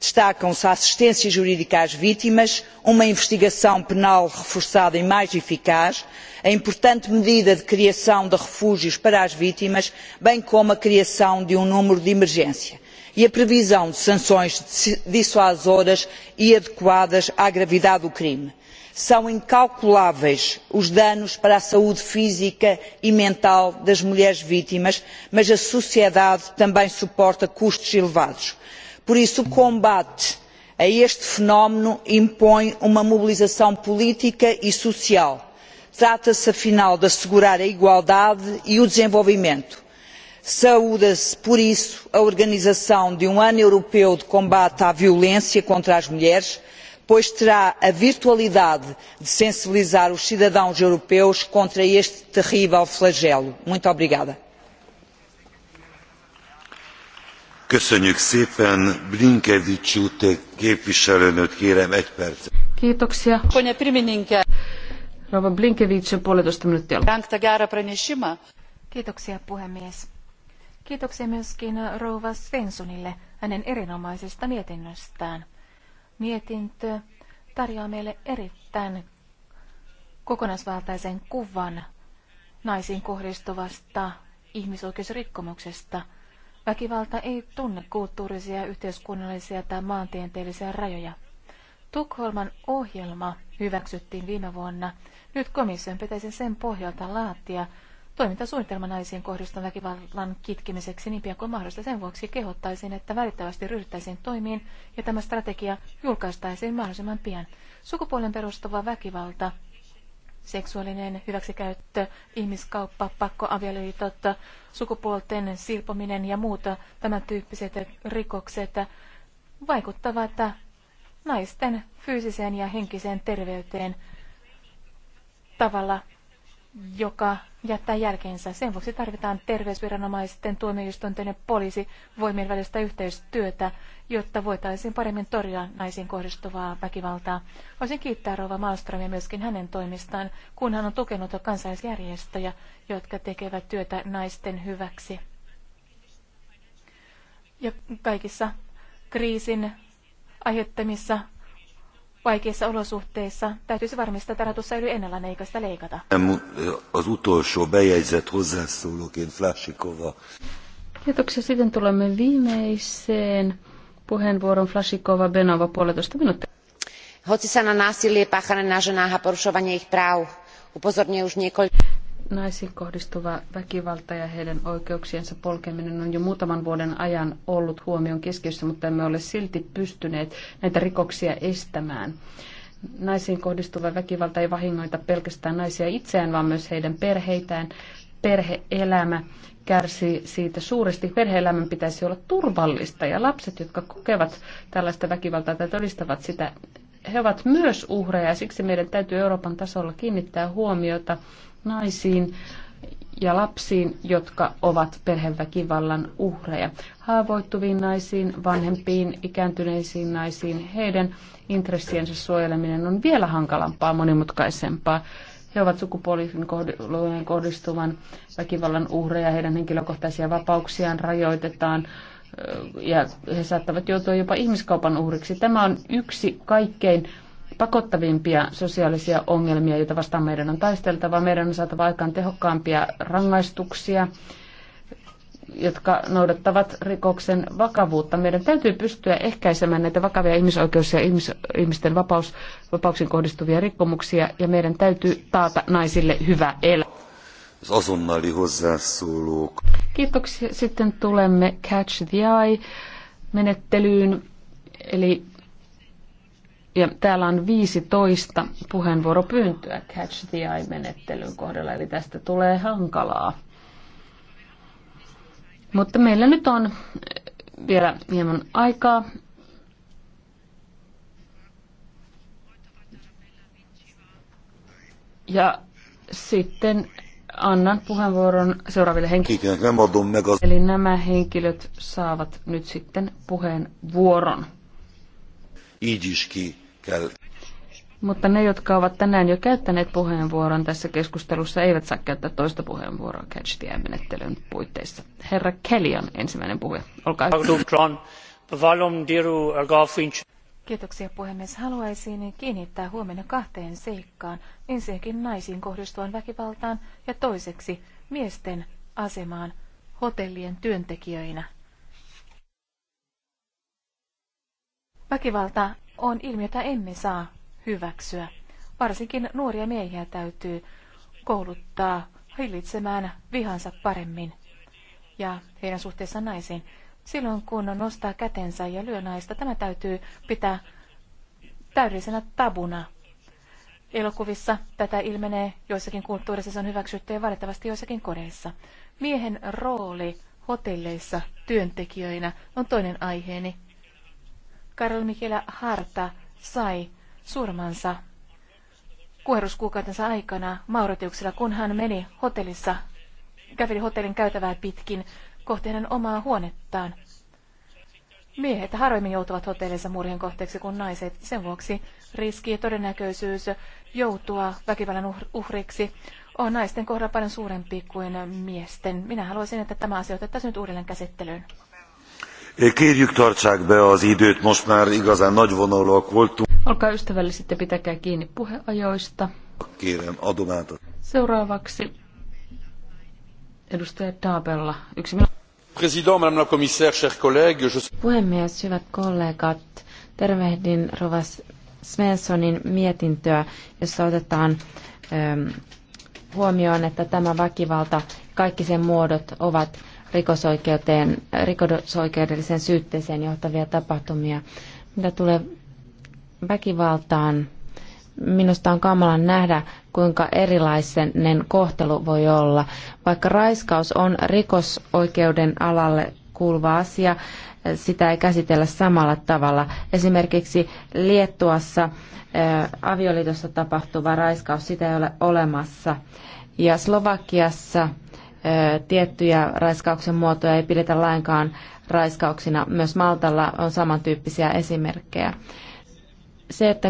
destacam se a assistência jurídica às vítimas uma investigação penal reforçada e mais eficaz a importante medida de criação de refúgios para as vítimas bem como a criação de um número de emergência e a previsão de sanções dissuasoras e adequadas à gravidade do crime. são incalculáveis os danos para a saúde física e mental das mulheres vítimas mas a sociedade também suporta custos elevados por isso o combate a este fenómeno impõe uma mobilização política e social trata se afinal de assegurar a igualdade e o desenvolvimento. saúda se por isso a organização de um ano europeu de combate à violência contra as mulheres pois terá a virtualidade de sensibilizar os cidadãos europeus contra este terrível flagelo. muito obrigada. Köszönjük szépen. Blinkevics képviselőnöt kérem egy percet. Kiitoksia. Pone pirmininkė. Rova Blinkevics, puolitoista minuuttia. Rankta gerą pranešimą. Kiitoksia puhemies. Kiitoksia myöskin rova Svenssonille hänen erinomaisesta mietinnöstään. Mietintö tarjoaa meille erittäin kokonaisvaltaisen kuvan naisiin kohdistuvasta ihmisoikeusrikkomuksesta – Väkivalta ei tunne kulttuurisia, yhteiskunnallisia tai maantieteellisiä rajoja. Tukholman ohjelma hyväksyttiin viime vuonna. Nyt komission pitäisi sen pohjalta laatia toimintasuunnitelma naisiin kohdistuvan väkivallan kitkemiseksi niin pian kuin mahdollista. Sen vuoksi kehottaisin, että välittävästi ryhdyttäisiin toimiin ja tämä strategia julkaistaisiin mahdollisimman pian. Sukupuolen perustuva väkivalta seksuaalinen hyväksikäyttö, ihmiskauppa, pakkoavioliitot, sukupuolten silpominen ja muuta tämän tyyppiset rikokset vaikuttavat naisten fyysiseen ja henkiseen terveyteen tavalla, joka jättää jälkeensä. Sen vuoksi tarvitaan terveysviranomaisten, tuomioistuinten ja poliisivoimien välistä yhteistyötä, jotta voitaisiin paremmin torjua naisiin kohdistuvaa väkivaltaa. Voisin kiittää Rova Malmströmiä myöskin hänen toimistaan, kun hän on tukenut kansalaisjärjestöjä, jotka tekevät työtä naisten hyväksi. Ja kaikissa kriisin aiheuttamissa vaikeissa olosuhteissa täytyisi varmistaa, että rahoitus säilyy ennallaan eikä sitä leikata. Az utolsó bejegyzett hozzászólóként Flasikova. Kiitoksia. Sitten tulemme viimeiseen puheenvuoron Flasikova Benova puolitoista minuuttia. Hoci sa na násilie páchané na ženách a porušovanie ich práv upozorňuje už niekoľko... Naisiin kohdistuva väkivalta ja heidän oikeuksiensa polkeminen on jo muutaman vuoden ajan ollut huomion keskiössä, mutta emme ole silti pystyneet näitä rikoksia estämään. Naisiin kohdistuva väkivalta ei vahingoita pelkästään naisia itseään, vaan myös heidän perheitään. Perheelämä kärsii siitä suuresti. Perheelämän pitäisi olla turvallista ja lapset, jotka kokevat tällaista väkivaltaa tai todistavat sitä, he ovat myös uhreja ja siksi meidän täytyy Euroopan tasolla kiinnittää huomiota naisiin ja lapsiin, jotka ovat perheväkivallan uhreja. Haavoittuviin naisiin, vanhempiin, ikääntyneisiin naisiin, heidän intressiensä suojeleminen on vielä hankalampaa, monimutkaisempaa. He ovat sukupuolisen kohdistuvan väkivallan uhreja, heidän henkilökohtaisia vapauksiaan rajoitetaan ja he saattavat joutua jopa ihmiskaupan uhriksi. Tämä on yksi kaikkein pakottavimpia sosiaalisia ongelmia, joita vastaan meidän on taisteltava. Meidän on saatava aikaan tehokkaampia rangaistuksia, jotka noudattavat rikoksen vakavuutta. Meidän täytyy pystyä ehkäisemään näitä vakavia ihmisoikeus- ja ihmis- ihmisten vapaus, vapauksiin kohdistuvia rikkomuksia, ja meidän täytyy taata naisille hyvä elä. Kiitoksia. Sitten tulemme Catch the Eye-menettelyyn. Eli ja täällä on 15 puheenvuoropyyntöä Catch the Eye-menettelyn kohdalla, eli tästä tulee hankalaa. Mutta meillä nyt on eh, vielä hieman aikaa. Ja sitten annan puheenvuoron seuraaville henkilöille. Eli nämä henkilöt saavat nyt sitten puheenvuoron így is ki kell. Mutta ne, jotka ovat tänään jo käyttäneet puheenvuoron tässä keskustelussa, eivät saa käyttää toista puheenvuoroa catch the menettelyn puitteissa. Herra Kelly on ensimmäinen puhuja. Olkaa hyvä. Kiitoksia puhemies. Haluaisin kiinnittää huomenna kahteen seikkaan. Ensinnäkin naisiin kohdistuvan väkivaltaan ja toiseksi miesten asemaan hotellien työntekijöinä. Väkivalta on ilmiö, jota emme saa hyväksyä. Varsinkin nuoria miehiä täytyy kouluttaa hillitsemään vihansa paremmin ja heidän suhteessa naisiin. Silloin kun nostaa kätensä ja lyö naista, tämä täytyy pitää täydellisenä tabuna. Elokuvissa tätä ilmenee, joissakin kulttuureissa se on hyväksytty ja valitettavasti joissakin kodeissa. Miehen rooli hotelleissa työntekijöinä on toinen aiheeni. Karol Michela Harta sai surmansa kuheruskuukautensa aikana Mauritiuksella, kun hän meni hotellissa, käveli hotellin käytävää pitkin kohti hänen omaa huonettaan. Miehet harvemmin joutuvat hotellinsa murhien kohteeksi kuin naiset. Sen vuoksi riski ja todennäköisyys joutua väkivallan uhriksi on naisten kohdalla paljon suurempi kuin miesten. Minä haluaisin, että tämä asia otettaisiin nyt uudelleen käsittelyyn. Kérjük, tartsák be az időt, most már igazán voltunk. Olkaa ystävälliset ja pitäkää kiinni puheajoista. Kiireen adumääntä. Seuraavaksi edustaja Taabella. Yksi minuutti. President, madame la commissaire, chers collègues, je... Puhemies, hyvät kollegat, tervehdin Rovas Svenssonin mietintöä, jossa otetaan ähm, huomioon, että tämä väkivalta, kaikki sen muodot ovat rikosoikeuteen, rikosoikeudelliseen syytteeseen johtavia tapahtumia. Mitä tulee väkivaltaan, minusta on kamalan nähdä, kuinka erilaisen kohtelu voi olla. Vaikka raiskaus on rikosoikeuden alalle kuuluva asia, sitä ei käsitellä samalla tavalla. Esimerkiksi Liettuassa avioliitossa tapahtuva raiskaus, sitä ei ole olemassa. Ja Slovakiassa tiettyjä raiskauksen muotoja ei pidetä lainkaan raiskauksina. Myös Maltalla on samantyyppisiä esimerkkejä. Se, että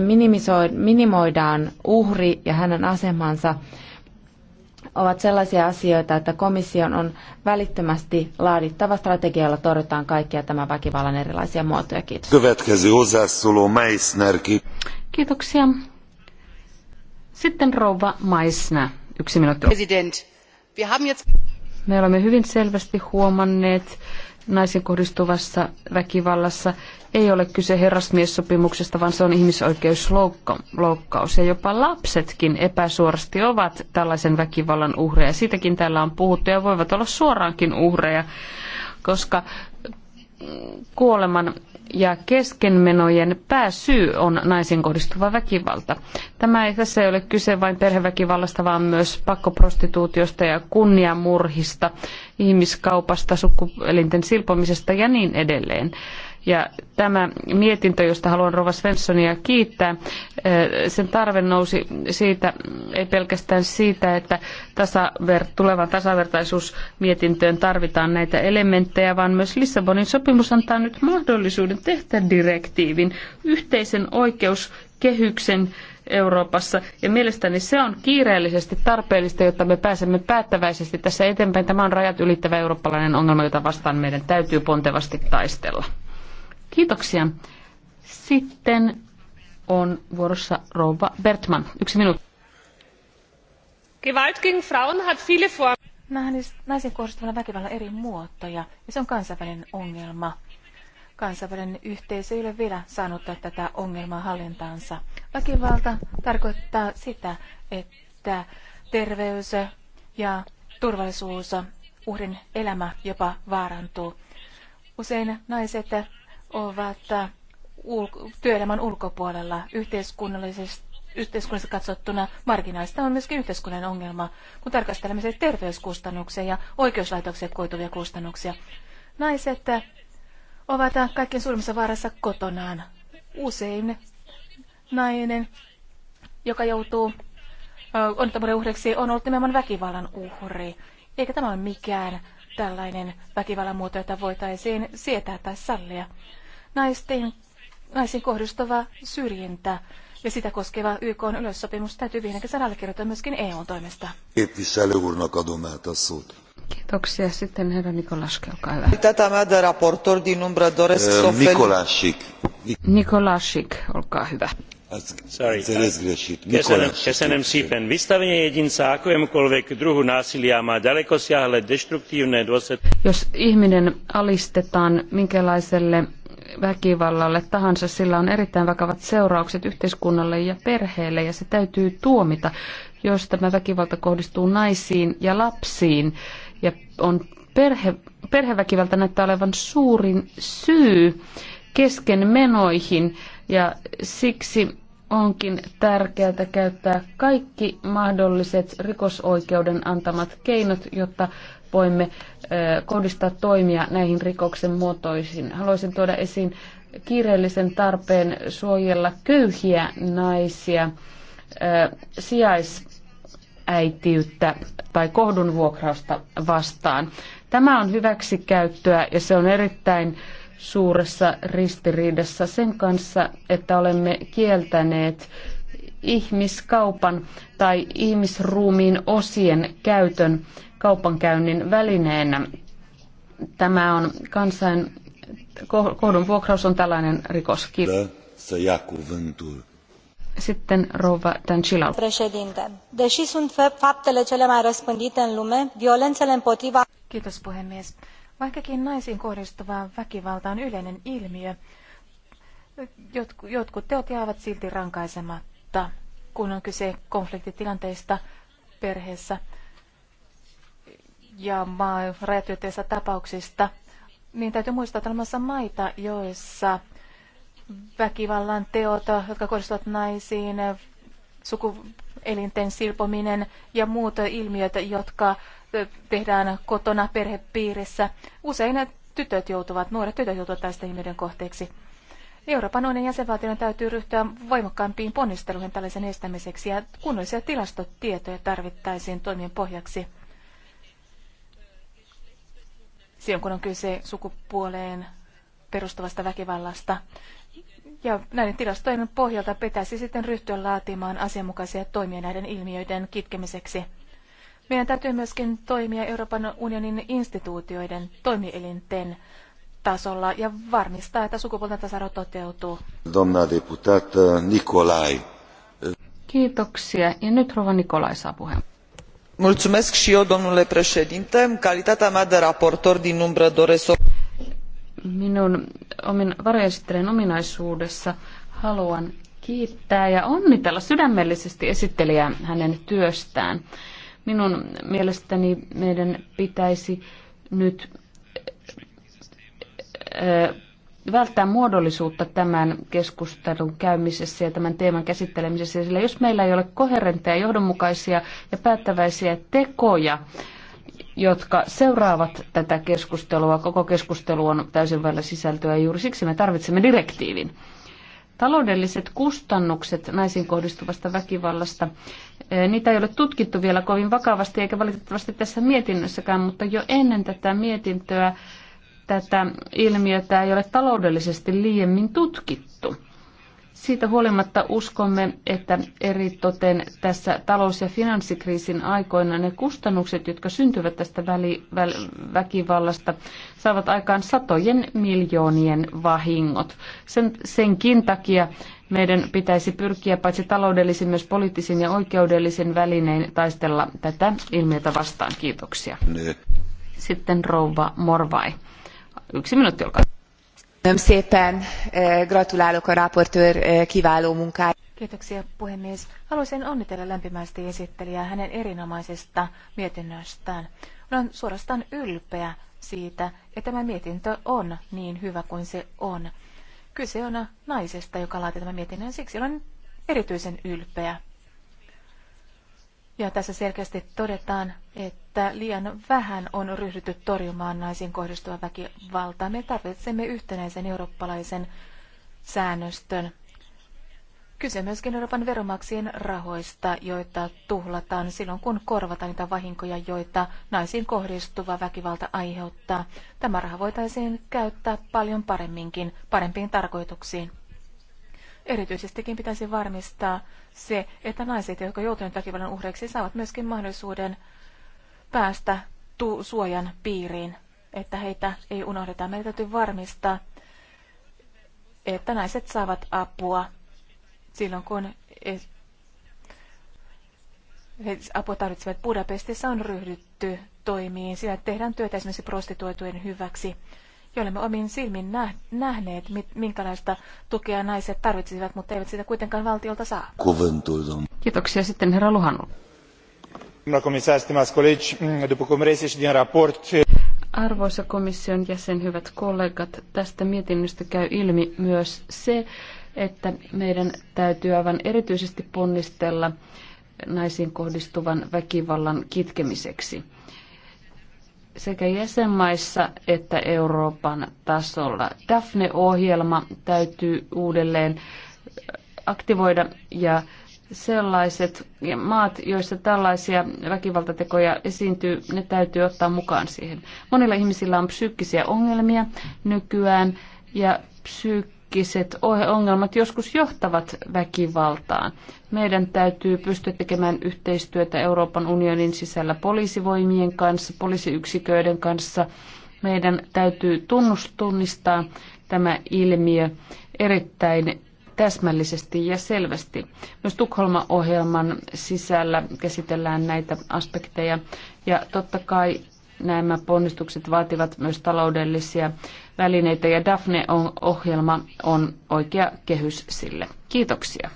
minimoidaan uhri ja hänen asemansa, ovat sellaisia asioita, että komission on välittömästi laadittava strategia, jolla torjutaan kaikkia tämän väkivallan erilaisia muotoja. Kiitos. Kiitoksia. Sitten rouva Maisna, Yksi minuutti. President. Me olemme hyvin selvästi huomanneet naisiin kohdistuvassa väkivallassa ei ole kyse herrasmiessopimuksesta, vaan se on ihmisoikeusloukkaus. Ja jopa lapsetkin epäsuorasti ovat tällaisen väkivallan uhreja. Siitäkin täällä on puhuttu ja voivat olla suoraankin uhreja, koska kuoleman ja keskenmenojen pääsyy on naisiin kohdistuva väkivalta. Tämä ei, tässä ei ole kyse vain perheväkivallasta, vaan myös pakkoprostituutiosta ja kunniamurhista, ihmiskaupasta, sukuelinten silpomisesta ja niin edelleen. Ja tämä mietintö, josta haluan Rova Svenssonia kiittää, eh, sen tarve nousi siitä, ei pelkästään siitä, että tasaver, tulevan tasavertaisuusmietintöön tarvitaan näitä elementtejä, vaan myös Lissabonin sopimus antaa nyt mahdollisuuden tehdä direktiivin yhteisen oikeuskehyksen Euroopassa. Ja mielestäni se on kiireellisesti tarpeellista, jotta me pääsemme päättäväisesti tässä eteenpäin. Tämä on rajat ylittävä eurooppalainen ongelma, jota vastaan meidän täytyy pontevasti taistella. Kiitoksia. Sitten on vuorossa rouva Bertman. Yksi minuutti. Gewalt gegen Frauen hat viele Formen. Naisiin kohdistuvan väkivallan eri muotoja, ja se on kansainvälinen ongelma. Kansainvälinen yhteisö ei ole vielä saanut tätä ongelmaa hallintaansa. Väkivalta tarkoittaa sitä, että terveys ja turvallisuus, uhrin elämä jopa vaarantuu. Usein naiset ovat äh, ulko- työelämän ulkopuolella yhteiskunnallisesti yhteiskunnassa katsottuna marginaalista on myöskin yhteiskunnan ongelma, kun tarkastelemme siis terveyskustannuksia ja oikeuslaitoksia koituvia kustannuksia. Naiset äh, ovat äh, kaikkein suurimmassa vaarassa kotonaan. Usein nainen, joka joutuu onnettomuuden uhreksi, on ollut nimenomaan väkivallan uhri. Eikä tämä ole mikään tällainen väkivallan muoto, jota voitaisiin sietää tai sallia. Naisten, naisiin kohdistuva syrjintä ja sitä koskeva YK on yleissopimus täytyy viimekin saada allekirjoittaa myöskin EUn toimesta. Kiitoksia. Sitten herra Nikolaski, olkaa hyvä. Tätä mä de raportor din umbră doresc să Nikolaschik. Nikolaschik, olkaa hyvä. Sorry. Kesenem sípen. Vystavenie jedinca akémukoľvek druhu násilia má ďalekosiahle deštruktívne dôsledky. Jos ihminen alistetaan minkälaiselle väkivallalle tahansa, sillä on erittäin vakavat seuraukset yhteiskunnalle ja perheelle ja se täytyy tuomita, jos tämä väkivalta kohdistuu naisiin ja lapsiin ja on perhe, perheväkivalta näyttää olevan suurin syy kesken menoihin ja siksi onkin tärkeää käyttää kaikki mahdolliset rikosoikeuden antamat keinot, jotta voimme kohdistaa toimia näihin rikoksen muotoisiin. Haluaisin tuoda esiin kiireellisen tarpeen suojella köyhiä naisia sijaisäitiyttä tai kohdunvuokrausta vastaan. Tämä on hyväksikäyttöä ja se on erittäin suuressa ristiriidassa sen kanssa, että olemme kieltäneet ihmiskaupan tai ihmisruumiin osien käytön kaupankäynnin välineenä. Tämä on kansain... Kohdun vuokraus on tällainen rikos. Sitten rouva Dancila. deși sunt faptele cele mai în lume, violențele Kiitos puhemies. Vaikkakin naisiin kohdistuva väkivalta on yleinen ilmiö, jotkut teot jäävät silti rankaisematta, kun on kyse konfliktitilanteista perheessä ja rajatyöteissä tapauksista, niin täytyy muistaa, että olemassa maita, joissa väkivallan teot, jotka kohdistuvat naisiin, sukuelinten silpominen ja muut ilmiöt, jotka tehdään kotona perhepiirissä. Usein tytöt joutuvat, nuoret tytöt joutuvat tästä ilmiöiden kohteeksi. Euroopan unionin jäsenvaltioiden täytyy ryhtyä voimakkaampiin ponnisteluihin tällaisen estämiseksi ja kunnollisia tilastotietoja tarvittaisiin toimien pohjaksi silloin kun on kyse sukupuoleen perustuvasta väkivallasta. Ja näiden tilastojen pohjalta pitäisi sitten ryhtyä laatimaan asianmukaisia toimia näiden ilmiöiden kitkemiseksi. Meidän täytyy myöskin toimia Euroopan unionin instituutioiden toimielinten tasolla ja varmistaa, että sukupuolten tasa-arvo toteutuu. Domna deputat Nikolai. Kiitoksia. Ja nyt Rova Nikolai saa puheen în calitatea mea de raportor din umbră doresc să. minun omin, varjoesittelijän ominaisuudessa haluan kiittää ja onnitella sydämellisesti esittelijää hänen työstään. Minun mielestäni meidän pitäisi nyt eh, välttää muodollisuutta tämän keskustelun käymisessä ja tämän teeman käsittelemisessä, sillä jos meillä ei ole koherentteja, johdonmukaisia ja päättäväisiä tekoja, jotka seuraavat tätä keskustelua, koko keskustelu on täysin vailla sisältöä ja juuri siksi me tarvitsemme direktiivin. Taloudelliset kustannukset naisiin kohdistuvasta väkivallasta, e, niitä ei ole tutkittu vielä kovin vakavasti eikä valitettavasti tässä mietinnössäkään, mutta jo ennen tätä mietintöä tätä ilmiötä ei ole taloudellisesti liiemmin tutkittu. Siitä huolimatta uskomme, että toten tässä talous- ja finanssikriisin aikoina ne kustannukset, jotka syntyvät tästä väli, vä, väkivallasta, saavat aikaan satojen miljoonien vahingot. Sen, senkin takia meidän pitäisi pyrkiä paitsi taloudellisin myös poliittisin ja oikeudellisin välinein taistella tätä ilmiötä vastaan. Kiitoksia. Sitten rouva Morvai. Yksi minuutti, olkaa szépen. Eh, gratulálok a raportőr eh, kiváló munkája. Kiitoksia puhemies. Haluaisin onnitella lämpimästi esittelijää hänen erinomaisesta mietinnöstään. Olen suorastaan ylpeä siitä, että tämä mietintö on niin hyvä kuin se on. Kyse on naisesta, joka laati tämän mietinnön, siksi olen erityisen ylpeä. Ja tässä selkeästi todetaan, että liian vähän on ryhdytty torjumaan naisiin kohdistuvaa väkivaltaa. Me tarvitsemme yhtenäisen eurooppalaisen säännöstön. Kyse myöskin Euroopan veromaksien rahoista, joita tuhlataan silloin, kun korvataan niitä vahinkoja, joita naisiin kohdistuva väkivalta aiheuttaa. Tämä raha voitaisiin käyttää paljon paremminkin, parempiin tarkoituksiin. Erityisestikin pitäisi varmistaa se, että naiset, jotka joutuneet väkivallan uhreiksi, saavat myöskin mahdollisuuden päästä tu- suojan piiriin, että heitä ei unohdeta. Meidän täytyy varmistaa, että naiset saavat apua silloin, kun he apua tarvitsevat. Budapestissa on ryhdytty toimiin. Siellä tehdään työtä esimerkiksi prostituoitujen hyväksi joille omin silmin nähneet, minkälaista tukea naiset tarvitsisivat, mutta eivät sitä kuitenkaan valtiolta saa. Kiitoksia sitten herra Luhanu. Arvoisa komission jäsen, hyvät kollegat, tästä mietinnöstä käy ilmi myös se, että meidän täytyy aivan erityisesti ponnistella naisiin kohdistuvan väkivallan kitkemiseksi sekä jäsenmaissa että Euroopan tasolla. Daphne-ohjelma täytyy uudelleen aktivoida ja sellaiset maat, joissa tällaisia väkivaltatekoja esiintyy, ne täytyy ottaa mukaan siihen. Monilla ihmisillä on psyykkisiä ongelmia nykyään ja psyykkisiä psyykkiset ongelmat joskus johtavat väkivaltaan. Meidän täytyy pystyä tekemään yhteistyötä Euroopan unionin sisällä poliisivoimien kanssa, poliisiyksiköiden kanssa. Meidän täytyy tunnustunnistaa tämä ilmiö erittäin täsmällisesti ja selvästi. Myös Tukholma-ohjelman sisällä käsitellään näitä aspekteja. Ja totta kai Nämä ponnistukset vaativat myös taloudellisia välineitä ja Daphne-ohjelma on oikea kehys sille. Kiitoksia.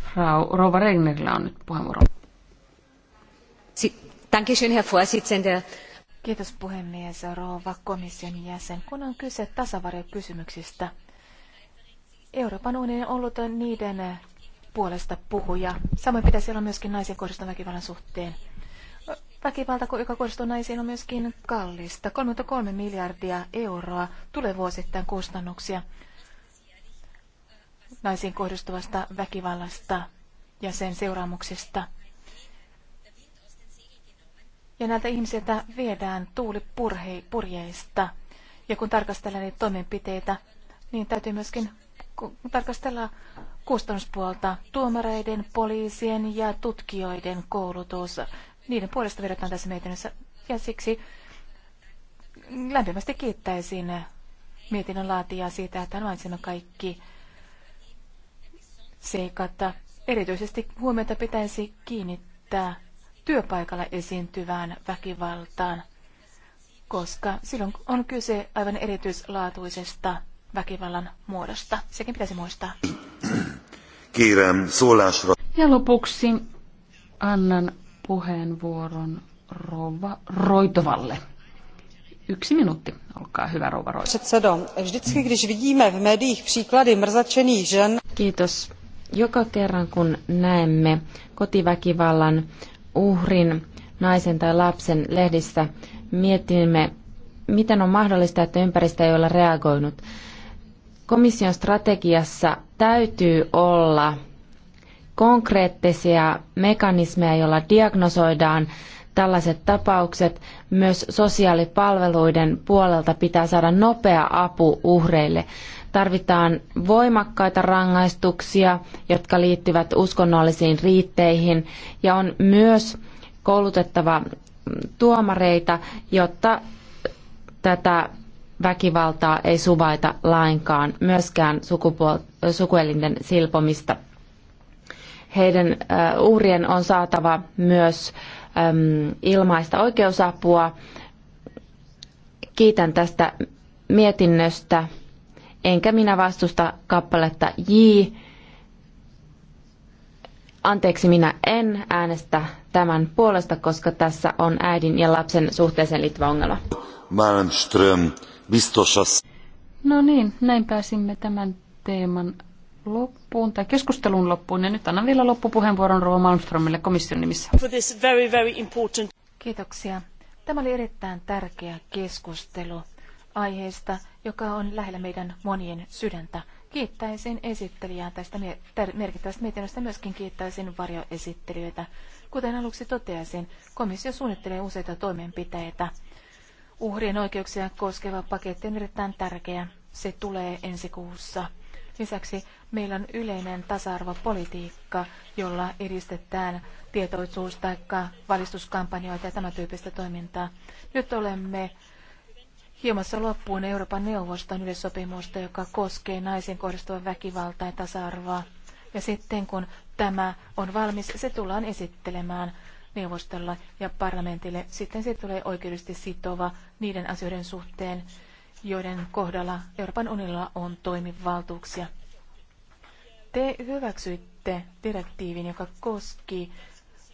Frau Rova Regnerillä on nyt puheenvuoro. Kiitos puhemies, rouva komission jäsen. Kun on kyse tasavarjokysymyksistä, Euroopan unioni on ollut niiden puolesta puhuja. Samoin pitäisi olla myöskin naisen kohdistuvan väkivallan suhteen. Väkivalta, joka kohdistuu naisiin, on myöskin kallista. 33 miljardia euroa tulee vuosittain kustannuksia naisiin kohdistuvasta väkivallasta ja sen seuraamuksista. Ja näiltä ihmisiltä viedään tuuli purjeista. Ja kun tarkastellaan niitä toimenpiteitä, niin täytyy myöskin tarkastella kustannuspuolta tuomareiden, poliisien ja tutkijoiden koulutus. Niiden puolesta vedetään tässä mietinnössä ja siksi lämpimästi kiittäisin mietinnön laatijaa siitä, että mainitsemme kaikki seikat. Erityisesti huomiota pitäisi kiinnittää työpaikalla esiintyvään väkivaltaan, koska silloin on kyse aivan erityislaatuisesta väkivallan muodosta. Sekin pitäisi muistaa. Kiireen suolashra. Ja lopuksi annan puheenvuoron rouva Roitovalle. Yksi minuutti. Olkaa hyvä, rouva Roitova. Kiitos. Joka kerran, kun näemme kotiväkivallan uhrin, naisen tai lapsen lehdissä, mietimme, miten on mahdollista, että ympäristö ei ole reagoinut komission strategiassa täytyy olla konkreettisia mekanismeja, joilla diagnosoidaan tällaiset tapaukset. Myös sosiaalipalveluiden puolelta pitää saada nopea apu uhreille. Tarvitaan voimakkaita rangaistuksia, jotka liittyvät uskonnollisiin riitteihin, ja on myös koulutettava tuomareita, jotta tätä väkivaltaa ei suvaita lainkaan, myöskään sukupuol- sukuelinten silpomista. Heidän äh, uhrien on saatava myös ilmaista oikeusapua. Kiitän tästä mietinnöstä, enkä minä vastusta kappaletta J. Anteeksi, minä en äänestä tämän puolesta, koska tässä on äidin ja lapsen suhteeseen liittyvä ongelma. Malmström. No niin, näin pääsimme tämän teeman loppuun tai keskustelun loppuun. Ja nyt annan vielä loppupuheenvuoron Rova Malmströmille komission nimissä. Very, very important... Kiitoksia. Tämä oli erittäin tärkeä keskustelu aiheesta, joka on lähellä meidän monien sydäntä. Kiittäisin esittelijää tästä merkittävästä mietinnöstä, myöskin kiittäisin varjoesittelijöitä. Kuten aluksi toteaisin, komissio suunnittelee useita toimenpiteitä, Uhrien oikeuksia koskeva paketti on erittäin tärkeä. Se tulee ensi kuussa. Lisäksi meillä on yleinen tasa-arvopolitiikka, jolla edistetään tietoisuus- tai valistuskampanjoita ja tämän tyyppistä toimintaa. Nyt olemme hiomassa loppuun Euroopan neuvoston yleissopimusta, joka koskee naisiin kohdistuvan väkivaltaa ja tasa-arvoa. Ja sitten kun tämä on valmis, se tullaan esittelemään neuvostolla ja parlamentille. Sitten se tulee oikeudellisesti sitova niiden asioiden suhteen, joiden kohdalla Euroopan unionilla on toimivaltuuksia. Te hyväksyitte direktiivin, joka koski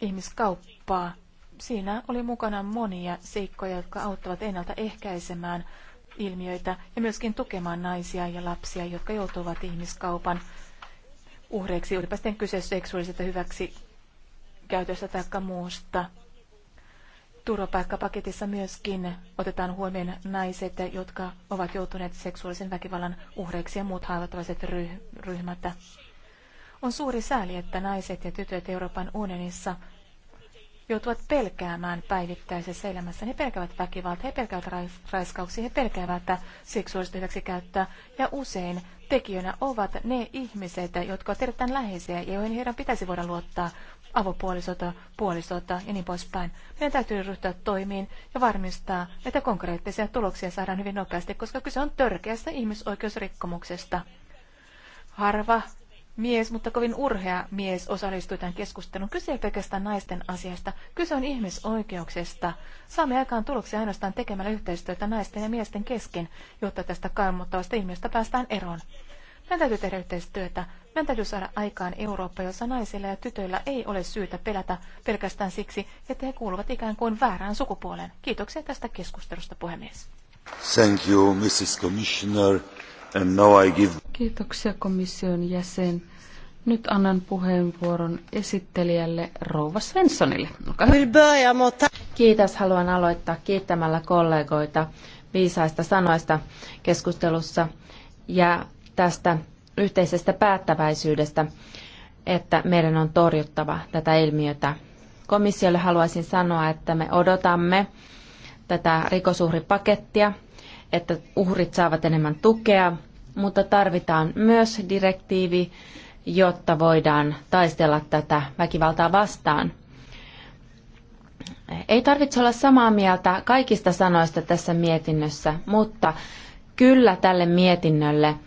ihmiskauppaa. Siinä oli mukana monia seikkoja, jotka auttavat ennaltaehkäisemään ilmiöitä ja myöskin tukemaan naisia ja lapsia, jotka joutuvat ihmiskaupan uhreiksi, olipa sitten kyse seksuaalisesta hyväksi käytöstä tai muusta. Turvapaikkapaketissa myöskin otetaan huomioon naiset, jotka ovat joutuneet seksuaalisen väkivallan uhreiksi ja muut haavoittavaiset ryhmät. On suuri sääli, että naiset ja tytöt Euroopan unionissa joutuvat pelkäämään päivittäisessä elämässä. He pelkäävät väkivaltaa, he pelkäävät raiskauksia, he pelkäävät seksuaalista hyväksikäyttöä ja usein tekijöinä ovat ne ihmiset, jotka ovat erittäin läheisiä ja joihin heidän pitäisi voida luottaa avopuolisota, puolisota ja niin poispäin. Meidän täytyy ryhtyä toimiin ja varmistaa, että konkreettisia tuloksia saadaan hyvin nopeasti, koska kyse on törkeästä ihmisoikeusrikkomuksesta. Harva mies, mutta kovin urhea mies osallistui tämän keskusteluun. Kyse ei pelkästään naisten asiasta, kyse on ihmisoikeuksista. Saamme aikaan tuloksia ainoastaan tekemällä yhteistyötä naisten ja miesten kesken, jotta tästä kammottavasta ilmiöstä päästään eroon. Meidän täytyy tehdä yhteistyötä. Meidän täytyy saada aikaan Eurooppa, jossa naisilla ja tytöillä ei ole syytä pelätä pelkästään siksi, että he kuuluvat ikään kuin väärään sukupuoleen. Kiitoksia tästä keskustelusta, puhemies. Thank you, Mrs. Commissioner. And now I give... Kiitoksia komission jäsen. Nyt annan puheenvuoron esittelijälle Rouva Svenssonille. Kiitos. Haluan aloittaa kiittämällä kollegoita viisaista sanoista keskustelussa ja tästä yhteisestä päättäväisyydestä, että meidän on torjuttava tätä ilmiötä. Komissiolle haluaisin sanoa, että me odotamme tätä rikosuhripakettia, että uhrit saavat enemmän tukea, mutta tarvitaan myös direktiivi, jotta voidaan taistella tätä väkivaltaa vastaan. Ei tarvitse olla samaa mieltä kaikista sanoista tässä mietinnössä, mutta kyllä tälle mietinnölle –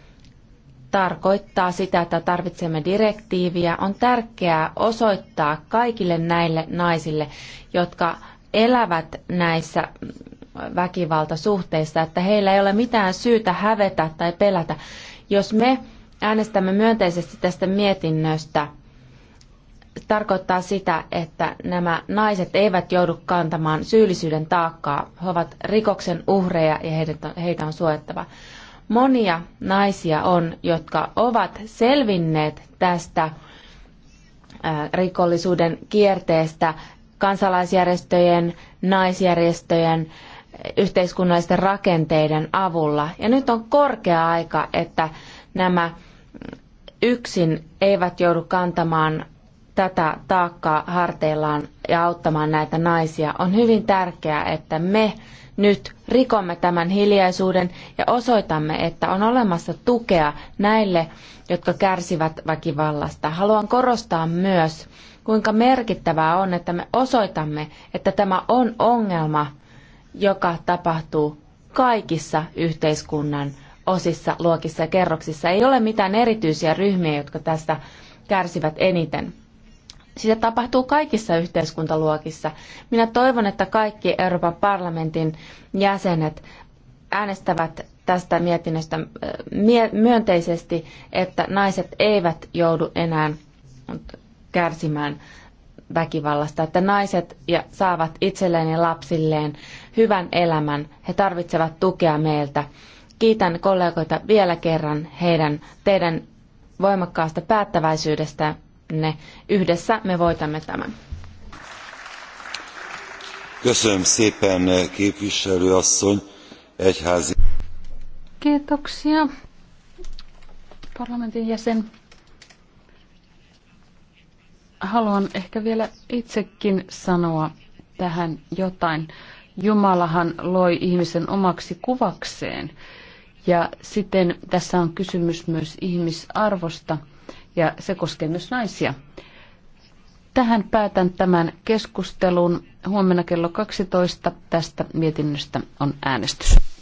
tarkoittaa sitä, että tarvitsemme direktiiviä. On tärkeää osoittaa kaikille näille naisille, jotka elävät näissä väkivaltasuhteissa, että heillä ei ole mitään syytä hävetä tai pelätä. Jos me äänestämme myönteisesti tästä mietinnöstä, tarkoittaa sitä, että nämä naiset eivät joudu kantamaan syyllisyyden taakkaa. He ovat rikoksen uhreja ja heitä on suojattava monia naisia on, jotka ovat selvinneet tästä äh, rikollisuuden kierteestä kansalaisjärjestöjen, naisjärjestöjen, yhteiskunnallisten rakenteiden avulla. Ja nyt on korkea aika, että nämä yksin eivät joudu kantamaan tätä taakkaa harteillaan ja auttamaan näitä naisia. On hyvin tärkeää, että me nyt rikomme tämän hiljaisuuden ja osoitamme, että on olemassa tukea näille, jotka kärsivät väkivallasta. Haluan korostaa myös, kuinka merkittävää on, että me osoitamme, että tämä on ongelma, joka tapahtuu kaikissa yhteiskunnan osissa, luokissa ja kerroksissa. Ei ole mitään erityisiä ryhmiä, jotka tästä kärsivät eniten. Sitä tapahtuu kaikissa yhteiskuntaluokissa. Minä toivon, että kaikki Euroopan parlamentin jäsenet äänestävät tästä mietinnöstä myönteisesti, että naiset eivät joudu enää kärsimään väkivallasta, että naiset ja saavat itselleen ja lapsilleen hyvän elämän. He tarvitsevat tukea meiltä. Kiitän kollegoita vielä kerran heidän teidän voimakkaasta päättäväisyydestä ne. Yhdessä me voitamme tämän. Köszönöm szépen, képviselőasszony, egyházi. Kiitoksia, parlamentin jäsen. Haluan ehkä vielä itsekin sanoa tähän jotain. Jumalahan loi ihmisen omaksi kuvakseen. Ja sitten tässä on kysymys myös ihmisarvosta – ja se koskee myös naisia. Tähän päätän tämän keskustelun. Huomenna kello 12 tästä mietinnöstä on äänestys.